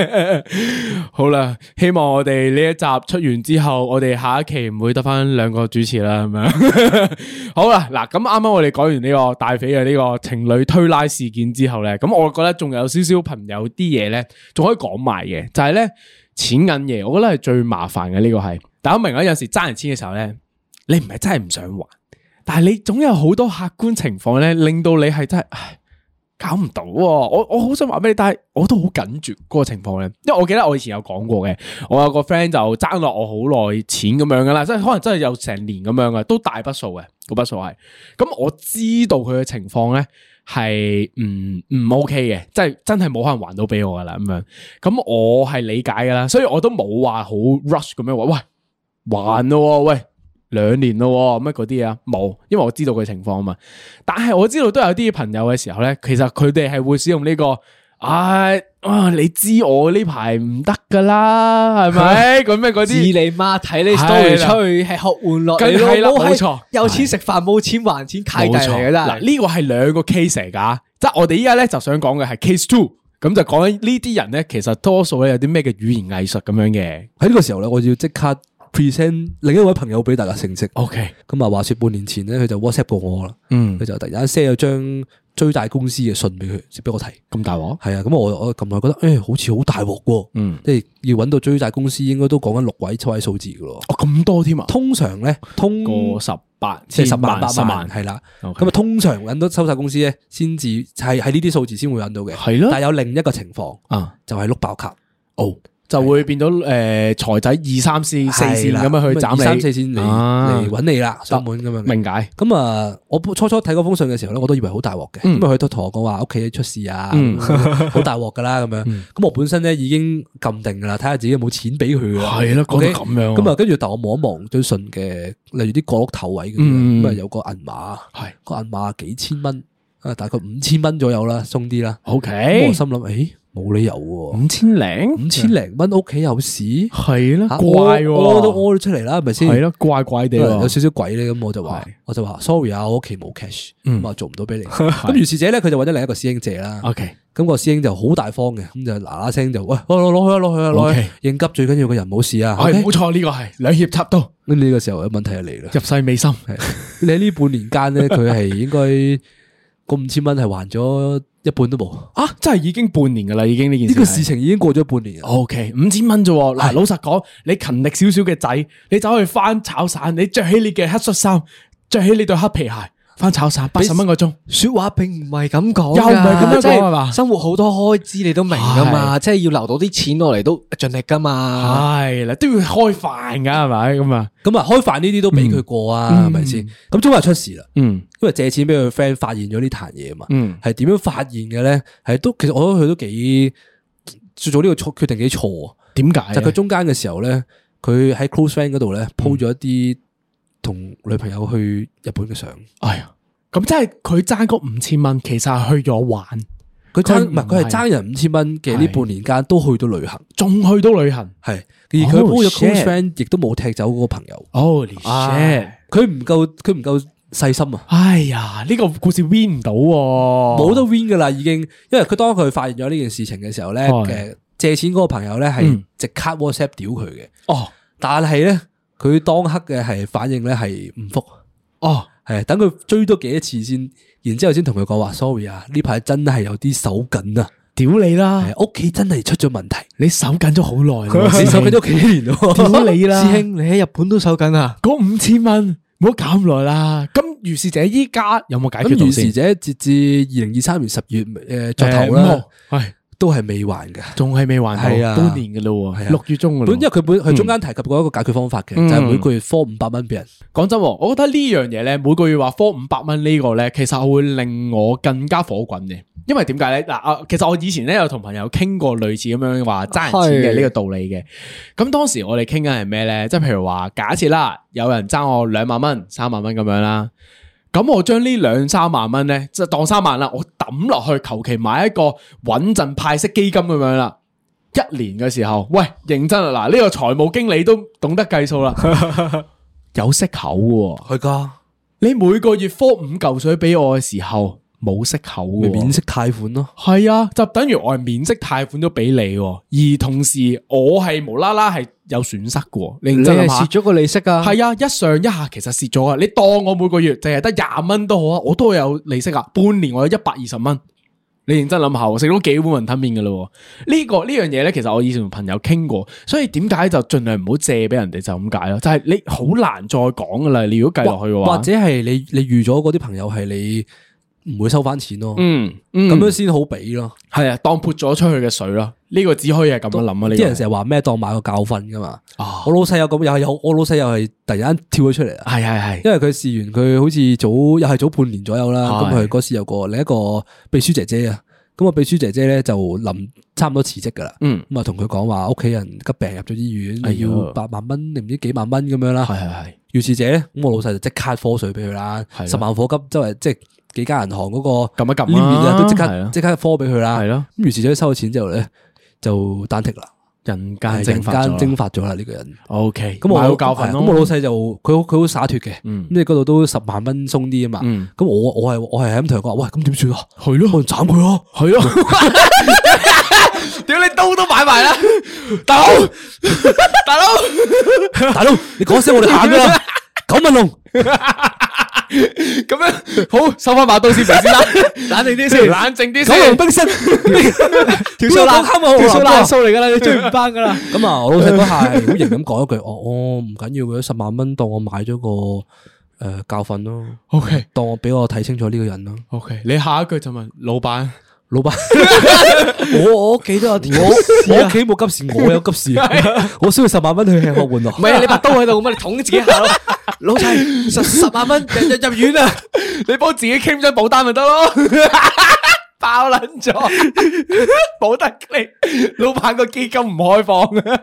(laughs) 好啦，希望我哋呢一集出完之後，我哋下一期唔會得翻兩個主持啦，咁樣。 (laughs) 好啦，嗱咁啱啱我哋講完呢個大肥嘅呢個情侶推拉事件之後咧，咁我覺得仲有少少朋友啲嘢咧，仲可以講埋嘅，就係咧。錢銀嘢，我覺得係最麻煩嘅呢個係。但我明啊，有陣時爭人錢嘅時候咧，你唔係真係唔想還，但係你總有好多客觀情況咧，令到你係真係，唉，搞唔到啊。我我好想話俾你，但係我都好緊住嗰個情況咧，因為我記得我以前有講過嘅，我有個 friend 就爭落我好耐錢咁樣噶啦，即係可能真係有成年咁樣嘅，都大筆數嘅，大筆數係。咁我知道佢嘅情況咧。係唔唔 OK 嘅，即係真係冇可能還到俾我噶啦咁樣。咁我係理解噶啦，所以我都冇話好 rush 咁樣話喂還咯，喂兩年咯，乜嗰啲啊冇，因為我知道佢情況啊嘛。但係我知道都有啲朋友嘅時候咧，其實佢哋係會使用呢個。唉、啊，你知我呢排唔得噶啦，係咪吧？講咩嗰啲？你媽睇你 story 出，係好歡樂嚟咯。冇錯錯，有錢食飯，冇的錢還錢，契弟嚟嘅真嗱，呢個係兩個 case 嚟噶，即係嘗我哋依家咧就想講嘅係 case two，咁就講緊呢啲人咧，其實多數咧有啲咩嘅語言藝術咁樣嘅。喺呢個時候咧，我要即刻 present 另一位朋友俾大家認識。OK，咁啊，話說半年前咧，佢就 WhatsApp 過我啦，嗯，佢就突然間 send 咗張。追債公司嘅信俾佢，接俾我睇。咁大鑊？係啊，咁我我咁耐覺得，誒、欸，好似好大鑊喎。嗯，即係要搵到追債公司，應該都講緊六位、七位數字噶咯。哦，咁多添啊？通常咧，通個十八即係十萬、八萬係啦。咁啊，通常搵到收債公司咧，先至係喺呢啲數字先會搵到嘅。係咯的。但係有另一個情況啊，嗯、就係碌爆卡。哦、oh.。就會變咗誒，財仔二三線、四線咁樣去斬你，三四線嚟嚟搵你啦，上門咁樣。明解。咁啊，我初初睇嗰封信嘅時候咧，我都以為好大鑊嘅。咁佢都同我講話屋企出事啊，好大鑊噶啦咁樣。咁我本身咧已經撳定噶啦，睇下自己有冇錢俾佢。係啦，講得咁樣。咁啊，跟住但我望一望張信嘅，例如啲角落頭位嘅，咁啊有個銀碼，係個銀碼幾千蚊，大概五千蚊左右啦，鬆啲啦。O K。我心諗誒。冇理由喎，五千零五千零蚊屋企有事係啦，怪，屙都屙咗出嚟啦，係咪先係啦，怪怪地，有少少鬼咧咁，我就話，我就話，sorry 啊，我屋企冇 cash，咁啊做唔到俾你。咁於是者咧，佢就揾咗另一個師兄借啦。OK，咁個師兄就好大方嘅，咁就嗱嗱聲就喂，攞去啊，攞去啊，攞去。應急最緊要個人冇事啊。冇錯，呢個係兩脅插刀。咁呢個時候有問題就嚟啦，入世未深。你喺呢半年間咧，佢係應該個五千蚊係還咗。一半都冇啊！真係已，已經半年㗎啦，已經呢件事，呢個事情已經過咗半年。OK，五千蚊啫喎。嗱唉，老實講，你勤力少少嘅仔，你走去翻炒散，你着起你嘅黑恤衫，着起你對黑皮鞋。翻炒晒八十蚊個鐘，說話並唔係咁講，又唔係咁樣講，係嘛？生活好多開支你都明噶嘛？的即係要留到啲錢落嚟都盡力噶嘛？係啦，都要開飯噶，係咪咁啊？咁啊，嗯嗯、開飯呢啲都俾佢過啊，係咪先？咁中啊出事啦，嗯，因為借錢俾佢 friend 發現咗呢壇嘢嘛，嗯，係點樣發現嘅咧？係都其實我覺得佢都幾做咗呢個錯決定幾錯啊？點解？就佢中間嘅時候咧，佢喺 close friend 嗰度咧鋪咗一啲。同女朋友去日本嘅相，哎呀！咁即係佢爭嗰五千蚊，其實係去咗玩。佢爭唔係佢係爭人五千蚊嘅呢半年間都去，去到旅行，仲去到旅行。係而佢幫咗 close friend，亦都冇踢走嗰個朋友。Oh shit！佢唔夠佢唔夠細心啊！哎呀，呢、這個故事 win 唔到、啊，冇得 win 噶啦已經。因為佢當佢發現咗呢件事情嘅時候咧，嘅、oh, yeah. 借錢嗰個朋友咧係即刻 WhatsApp 屌佢嘅。哦、oh.，但係咧。佢當刻嘅係反應咧係唔覆哦，係等佢追多幾多次先，然之後先同佢講話 sorry 啊，呢排真係有啲手緊啊，屌你啦，屋企真係出咗問題，你手緊咗好耐，你手緊咗幾年，屌你啦，師兄你喺日本都手緊啊，嗰五千蚊唔好搞咁耐啦，咁如是者依家有冇解決到先？如是者截至二零二三年十月誒作頭啦，係。都係未還嘅，仲係未還過都半年嘅咯，係、啊、六月中嘅。本因為佢本係中間提及過一個解決方法嘅，嗯、就係每個月科五百蚊俾人。講、嗯嗯、真，我覺得呢樣嘢咧，每個月話科五百蚊呢個咧，其實會令我更加火滾嘅。因為點解咧？嗱，啊，其實我以前咧有同朋友傾過類似咁樣話爭錢嘅呢個道理嘅。咁是當時我哋傾緊係咩咧？即係譬如話假設啦，有人爭我兩萬蚊、三萬蚊咁樣啦。咁我將呢兩三萬蚊呢，就當三萬啦，我抌落去，求其買一個穩陣派息基金咁樣啦。一年嘅時候，喂，認真啦，嗱，呢個財務經理都懂得計數啦， (laughs) 有息口喎，啊，係噶過，你每個月科五嚿水俾我嘅時候。冇息口，嘅免息貸款咯，係啊，就等於我係免息貸款咗俾你，而同時我係無啦啦係有損失噶，你認真諗下，蝕咗個利息啊？係啊，一上一下其實蝕咗啊，你當我每個月淨係得廿蚊都好啊，我都有利息啊。半年我有一百二十蚊，你認真諗下，我食咗幾碗雲吞麵噶咯，這個這個、呢個呢樣嘢咧，其實我以前同朋友傾過，所以點解就盡量唔好借俾人哋就咁解咯，就係、是、你好難再講噶啦，你如果計落去嘅話或，或者係你你預咗嗰啲朋友係你。唔會收翻錢咯，嗯，咁樣先好俾咯，係啊，當潑咗出去嘅水咯，呢個只可以係咁樣諗啊！啲人成日話咩當買個教訓噶嘛我老細有咁又係有，我老細又係突然間跳咗出嚟，係係係，因為佢試完佢好似早又係早半年左右啦，咁佢嗰時有個另一個秘書姐姐啊，咁啊秘書姐姐咧就臨差唔多辭職噶啦，咁啊同佢講話屋企人急病入咗醫院，係要八萬蚊定唔知幾萬蚊咁樣啦，係係係，遇事者咁我老細就即刻科水俾佢啦，十萬火急周圍即係。幾間銀行嗰個撳一撳面面啊，都即刻即刻科俾佢啦。係咯，咁於是咧收咗錢之後咧就單剔啦，人間人間蒸發咗啦呢個人。O K，咁我好教訓，咁我老細就佢佢好灑脫嘅。咁你嗰度都十萬蚊鬆啲啊嘛。咁我我係我係喺咁同佢講，喂，咁點算啊？係咯，我斬佢啊！係啊，屌你刀都買埋啦，大佬，大佬，大佬，你講聲我哋下一九紋龍，咁樣好收翻把刀先，先啦，冷靜啲先，冷靜啲。九龍冰室，條數難堪，條數難數嚟噶啦，你追唔翻噶啦。咁啊，我老細都係好型咁講一句，哦哦，唔緊要嘅，十萬蚊當我買咗個誒教訓咯。OK，當我俾我睇清楚呢個人咯。OK，你下一句就問老闆。老闆， (laughs) 我我屋企都有急事，我屋企冇急事， (laughs) 我有急事，是是我需要十萬蚊去吃喝玩樂。唔係、啊、你把刀喺度，乜你捅自己下？ (laughs) 老細十十萬蚊日日入院啊！ (laughs) 你幫自己傾張保單咪 (laughs) 得咯？爆捻咗，冇得。你老闆個基金唔開放、啊。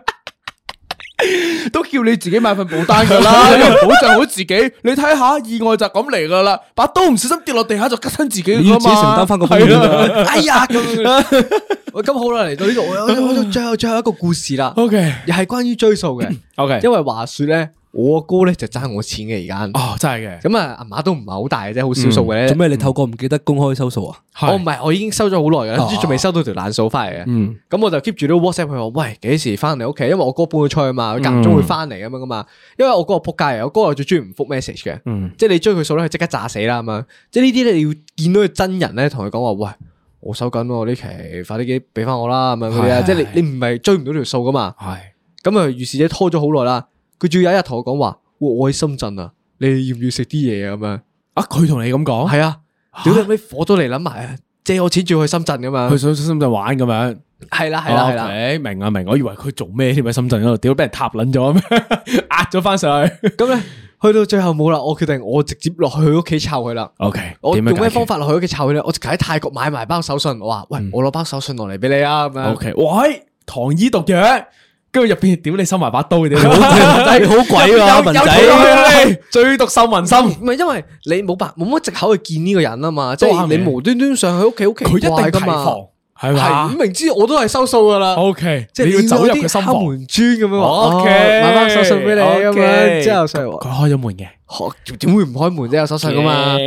(laughs) 都叫你自己買份保單噶啦， (laughs) 保障好自己。你睇下意外就咁嚟噶啦，把刀唔小心跌落地下就吉親自己自己承擔翻個保險是的 哎呀，咁， (laughs) 喂，咁好啦，嚟到呢度，我我，我最後最後一個故事啦。OK，又係關於追數嘅。OK，因為話說咧。我阿哥咧就爭我錢嘅而家，哦，真係嘅，咁啊，阿媽都唔係好大嘅啫，好少數嘅。做咩你透過唔記得公開收數啊？我唔係，我已經收咗好耐嘅，即仲未收到條爛數翻嚟嘅。咁我就 keep 住都 WhatsApp 佢話，喂，幾時翻嚟屋企？因為我哥搬咗出去啊嘛，佢間中會翻嚟咁樣噶嘛。因為我哥仆街，我哥又最中意唔復 message 嘅，即係你追佢數咧，佢即刻炸死啦咁樣。即係呢啲咧，你要見到佢真人咧，同佢講話，喂，我收緊呢期，快啲幾俾翻我啦咁樣佢啲啊。即係你你唔係追唔到條數噶嘛？係咁啊，於是者拖咗好耐啦。佢仲有一日同我講話，我喺深圳啊，你要唔要食啲嘢啊？咁樣啊，佢同你咁講，係啊，屌你咩火都嚟諗埋啊，借我錢住去深圳咁樣，佢想去深圳玩咁樣，係啦係啦係啦，明明啊明，我以為佢做咩添喺深圳嗰度，屌俾人踏捻咗咁樣，壓咗翻上去，咁咧去到最後冇啦，我決定我直接落去佢屋企湊佢啦。O K，我用咩方法落去屋企湊佢咧？我喺泰國買埋包手信，我話喂，我攞包手信落嚟俾你啊。O K，喂，唐醫毒藥。跟住入邊點你收埋把刀嘅，好鬼啊！文仔最毒收民心，唔係因為你冇辦冇乜藉口去見呢個人啊嘛，即係你無端端上去屋企屋企，佢一定提防係嘛，明知我都係收數噶啦。OK，即係你要走入佢心房。敲門磚咁樣，OK，買翻手信俾你咁樣之後，細個佢開咗門嘅，點會唔開門啫？有手信噶嘛？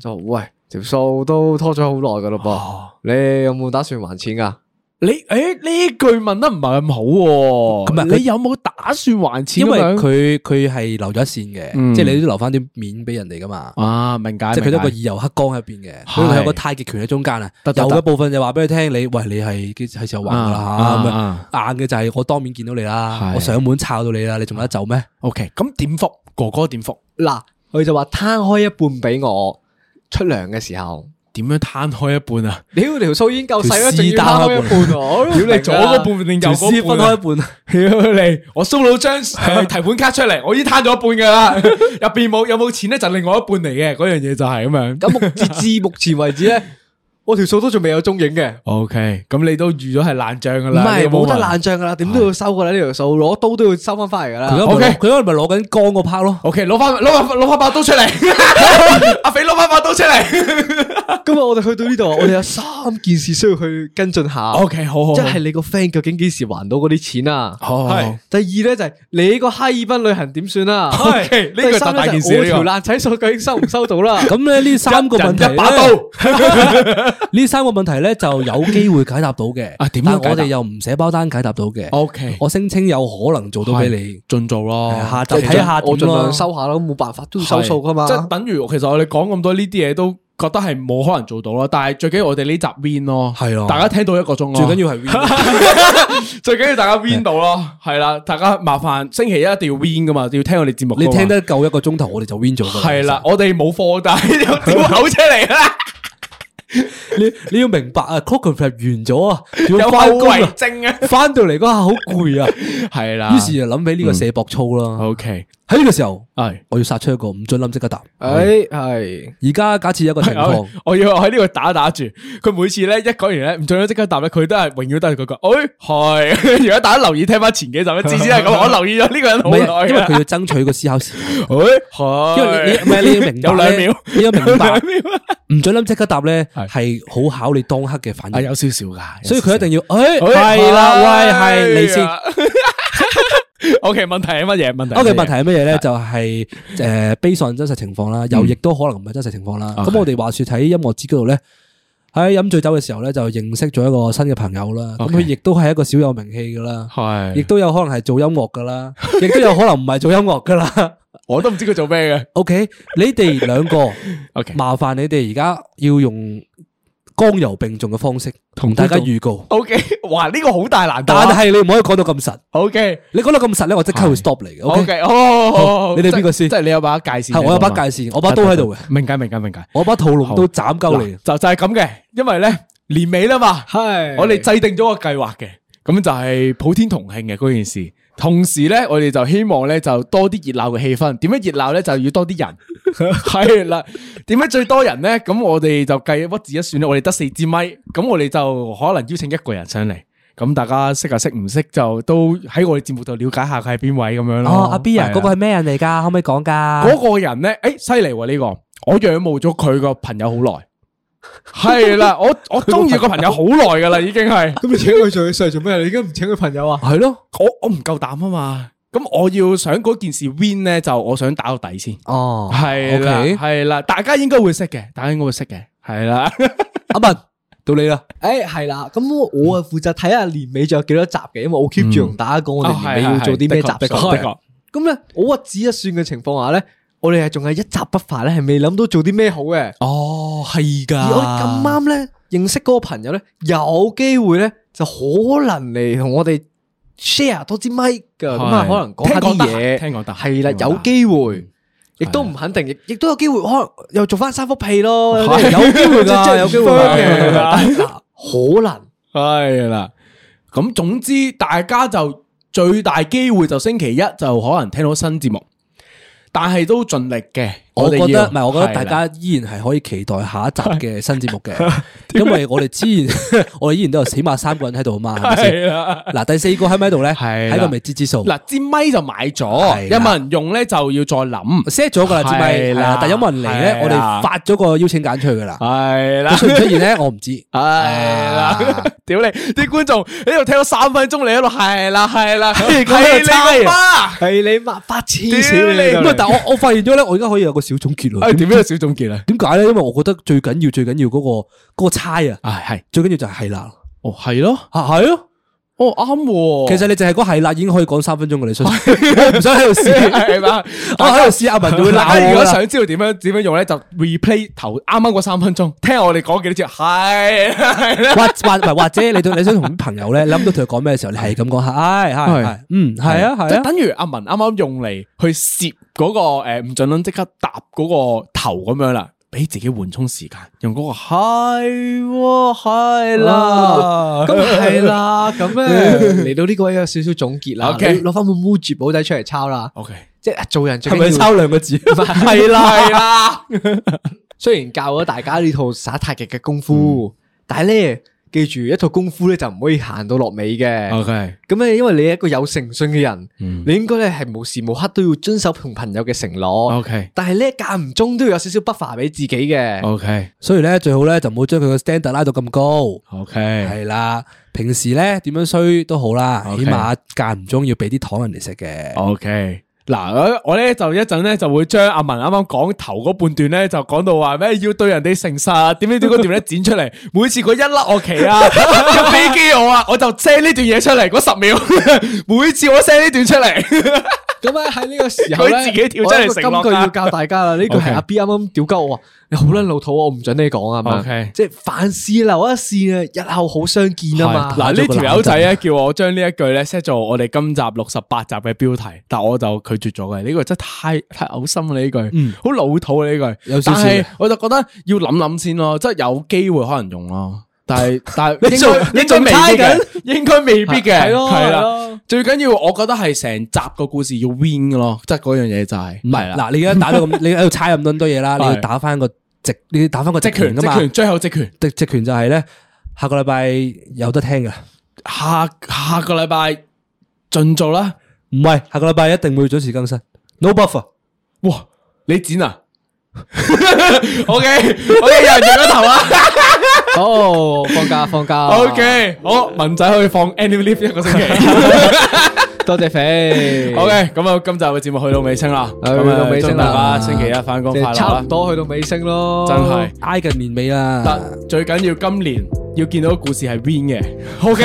就喂條數都拖咗好耐噶啦噃，你有冇打算還錢噶？你誒呢句問得唔係咁好，咁啊你有冇打算還錢？因為佢佢係留咗一線嘅，即係你都留翻啲面俾人哋噶嘛。啊，明解，即係佢一個二猶黑缸喺邊嘅，佢有個太極拳喺中間啊。有一部分就話俾佢聽，你喂你係幾係時候還噶啦吓，硬嘅就係我當面見到你啦，我上門抄到你啦，你仲有得走咩？OK，咁點復哥哥點復？嗱，佢就話攤開一半俾我出糧嘅時候。點樣攤開一半啊？屌，條數已經夠細啦，仲要攤開一半啊？屌，你左嗰半定右一半啊？屌你！我收到張 (laughs) 提款卡出嚟，我已經攤咗一半噶啦，入邊冇，有冇錢咧？就另外一半嚟嘅，嗰樣嘢就係咁樣。咁截至目前為止咧。 (laughs) 我條數都仲未有蹤影嘅，OK，咁你都預咗係爛賬噶啦，唔係冇得爛賬噶啦，點都要收噶啦呢條數，攞刀都要收翻翻嚟噶啦。OK 佢可能咪攞緊鋼個 part 咯，OK，攞翻攞攞翻把刀出嚟，阿肥攞翻把刀出嚟。今日我哋去到呢度，我哋有三件事需要去跟進下。OK，好好，即係你個 friend 究竟幾時還到嗰啲錢啊？係。第二咧就係你個哈爾濱旅行點算啦？OK，呢三大件事啊。第三就我條爛仔數究竟收唔收到啦？咁咧呢三個問一把刀。呢三個問題咧就有機會解答到嘅，點樣我哋又唔寫包單解答到嘅。O K，我聲稱有可能做到俾你盡做咯，下集睇下點咯，收下咯，冇辦法都要收數噶嘛。即係等於其實我哋講咁多呢啲嘢都覺得係冇可能做到咯。但係最緊要我哋呢集 win 咯，係咯，大家聽到一個鐘咯，最緊要係 win，最緊要大家 win 到咯，係啦，大家麻煩星期一一定要 win 噶嘛，要聽我哋節目，你聽得夠一個鐘頭，我哋就 win 咗。係啦，我哋冇貨，但係有吊車嚟啦。 (laughs) 你你要明白啊，Coca-Cola (music) 完咗啊，要翻工啊，翻到嚟嗰下好攰啊，係啦，於是就諗起呢個射博操啦、嗯。OK。喺呢個時候，係我要殺出一個唔准諗即刻答。誒，係而家假設有一個情況，我要喺呢度打打住。佢每次咧一講完咧唔准諗即刻答咧，佢都係永遠都係佢講。誒，係如果大家留意聽翻前幾集，至少係咁，我留意咗呢個人好耐，因為佢要爭取個思考時間。誒，係因為你，你要明白？有兩秒，你要明白？唔准諗即刻答咧，係好考你當刻嘅反應，有少少噶。所以佢一定要，誒，係啦，喂，係你先。OK，問題係乜嘢問題？我嘅、okay, 問題係乜嘢咧？ (music) 就係誒，based on 真實情況啦，又亦都可能唔係真實情況啦。咁 Okay. 我哋話說睇音樂節嗰度咧，喺飲醉酒嘅時候咧，就認識咗一個新嘅朋友啦。咁佢亦都係一個小有名氣噶啦，係，亦都有可能係做音樂噶啦，亦 (laughs) 都有可能唔係做音樂噶啦。 (laughs) (laughs) 我都唔知佢做咩嘅。OK，你哋兩個 (laughs) ，OK，麻煩你哋而家要用。剛柔並重嘅方式同大家預告。O K，哇，呢個好大難度。但係你唔可以講到咁實。O K，你講到咁實咧，我即刻會 stop 你嘅。O K，好，你哋邊個先？即係你有把界線。我有把界線，我把刀喺度嘅。明解，明解，明解。我把屠龍刀斬鳩你，就就係咁嘅。因為咧，年尾啦嘛，係我哋制定咗個計劃嘅。咁就係普天同慶嘅嗰件事。同時咧，我哋就希望咧就多啲熱鬧嘅氣氛。點樣熱鬧咧，就要多啲人。係啦， (laughs) (laughs) 點樣最多人咧？咁我哋就計屈指一算啦。我哋得四支咪，咁我哋就可能邀請一個人上嚟。咁大家識啊識唔識？就都喺我哋節目度了解下佢係邊位咁、哦、樣咯。哦，阿 B 啊，嗰了、啊那個係咩人嚟噶？可唔可以講噶？嗰個人咧，誒、欸，犀利喎呢個，我仰慕咗佢個朋友好耐。係啦，我我中意個朋友好耐噶啦，已經係。咁你請佢做嘅事做咩？你而家唔請佢朋友啊？係咯，我我唔夠膽啊嘛。咁我要想嗰件事 win 咧，就我想打個底先。哦，係 OK，係啦，大家應該會識嘅，大家應該會識嘅，係啦。阿文到你啦。誒，係啦。咁我我負責睇下年尾仲有幾多集嘅，因為我 keep 住同大家講，我年尾要做啲咩集嘅。咁咧，我屈指一算嘅情況下咧。我哋係仲係一集不發咧，係未諗到做啲咩好嘅。哦，係噶。而我咁啱咧認識嗰個朋友咧，有機會咧，就可能嚟同我哋 share 多支 mic 噶。咁啊，可能講下啲嘢。聽講得係啦，有機會，亦都唔肯定，亦亦都有機會，可能又做翻三幅屁咯。有機會噶，真係有機會噶，可能係啦。咁總之，大家就最大機會就星期一就可能聽到新節目。但係都盡力嘅。我覺得唔係，我覺得大家依然係可以期待下一集嘅新節目嘅，因為我哋依然我哋依然都有起碼三個人喺度嘛，係咪先？嗱，第四個喺咪度咧？係喺度未知之數？嗱，支咪就買咗，有冇人用咧就要再諗，set 咗噶啦支咪。嗱，但有冇人嚟咧？我哋發咗個邀請簡訊噶啦，係啦。出現咧我唔知，係啦，屌你啲觀眾喺度睇咗三分鐘嚟，喺度係啦，係啦，咁又猜啊？係你乜發痴線？唔但我我發現咗咧，我而家可以有個。小總結啦點樣小總結咧？點解咧？因為我覺得最緊要，最緊要、那個、哎、最緊要嗰個嗰個差啊！係係最緊要就係係啦，哦係咯，係咯。哦啱，其實你淨係講係啦，已經可以講三分鐘嘅你，想唔想喺度試係嘛？我喺度試阿文就會鬧。如果想知道點樣點樣用咧，就 replay 頭啱啱嗰三分鐘。聽我哋講幾多次？係或或唔或者你你想同啲朋友咧諗到同佢講咩嘅時候，你係咁講下，係係係，嗯，係啊係啊，等於阿文啱啱用嚟去攝嗰個誒，吳俊霖即刻搭嗰個頭咁樣啦。俾自己緩衝時間，用嗰個係喎係啦，咁係啦，咁咧嚟到呢個位有少少總結啦。OK，攞翻本 Muji 簿仔出嚟抄啦。OK，即係做人最係咪抄兩個字？係啦係啦。 (laughs) 雖然教咗大家呢套耍太極嘅功夫，嗯、但係咧。記住一套功夫咧就唔可以行到落尾嘅。OK，咁咧因為你係一個有誠信嘅人，你應該咧係無時無刻都要遵守同朋友嘅承諾。OK，但係咧間唔中都要有少少不法俾自己嘅。OK，所以咧最好咧就唔好將佢嘅 standard 拉到咁高。OK，係啦，平時咧點樣衰都好啦，起碼間唔中要俾啲糖人哋食嘅。OK。嗱，我咧就一陣咧就會將阿文啱啱講頭嗰半段咧就講到話咩要對人哋誠實，點點點點咧剪出嚟，每次嗰一甩我企啊， (laughs) 飛機我啊，我就 send 呢段嘢出嚟，嗰十秒， (laughs) 每次我 send 呢段出嚟。 (laughs) 咁啊，喺呢 (laughs) 個時候咧， (laughs) 自己跳出嚟，我呢個金句要教大家啦。呢 (laughs) 句係阿 B 啱啱屌鳩我， (laughs) 你好捻老土，我唔准你講啊嘛。即係凡事留一線啊，日後好相見啊嘛。嗱，呢條友仔咧叫我將呢一句咧 set 做我哋今集六十八集嘅標題，但我就拒絕咗嘅。呢個真係太太嘔心啦呢句，好、嗯、老土啊呢句。有但係我就覺得要諗諗先咯，即係有機會可能用咯。但係但係，你仲你仲猜緊？應該未必嘅，係咯，係啦。最緊要，我覺得係成集個故事要 win 咯，即係嗰樣嘢就係。唔係啦，嗱，你而家打到咁，你喺度猜咁多多嘢啦，你要打翻個職，你要打翻個職權噶嘛？最後職權的職權就係咧，下個禮拜有得聽噶。下下個禮拜盡做啦，唔係下個禮拜一定會準時更新，no buffer，哇，你剪啊？OK，OK，又剪咗頭啦。哦，放假放假。OK，好，文仔可以放 annual leave 一個星期。多謝肥，OK，咁啊，今集嘅節目去到尾聲啦，咁啊，祝大家星期一翻工快樂啦，差唔多去到尾聲咯，真係挨近年尾啦，但最緊要今年要見到個故事係 win 嘅，OK，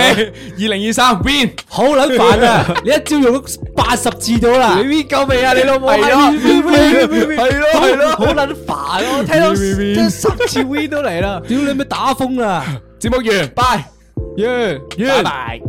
二零二三 win，好撚煩啊，你一朝用咗八十次到啦，win，救命啊，你老母，係咯係咯，好撚煩咯，我聽到十次 win 都嚟啦，屌你咪打風啦，節目完，拜，yeah yeah，拜拜。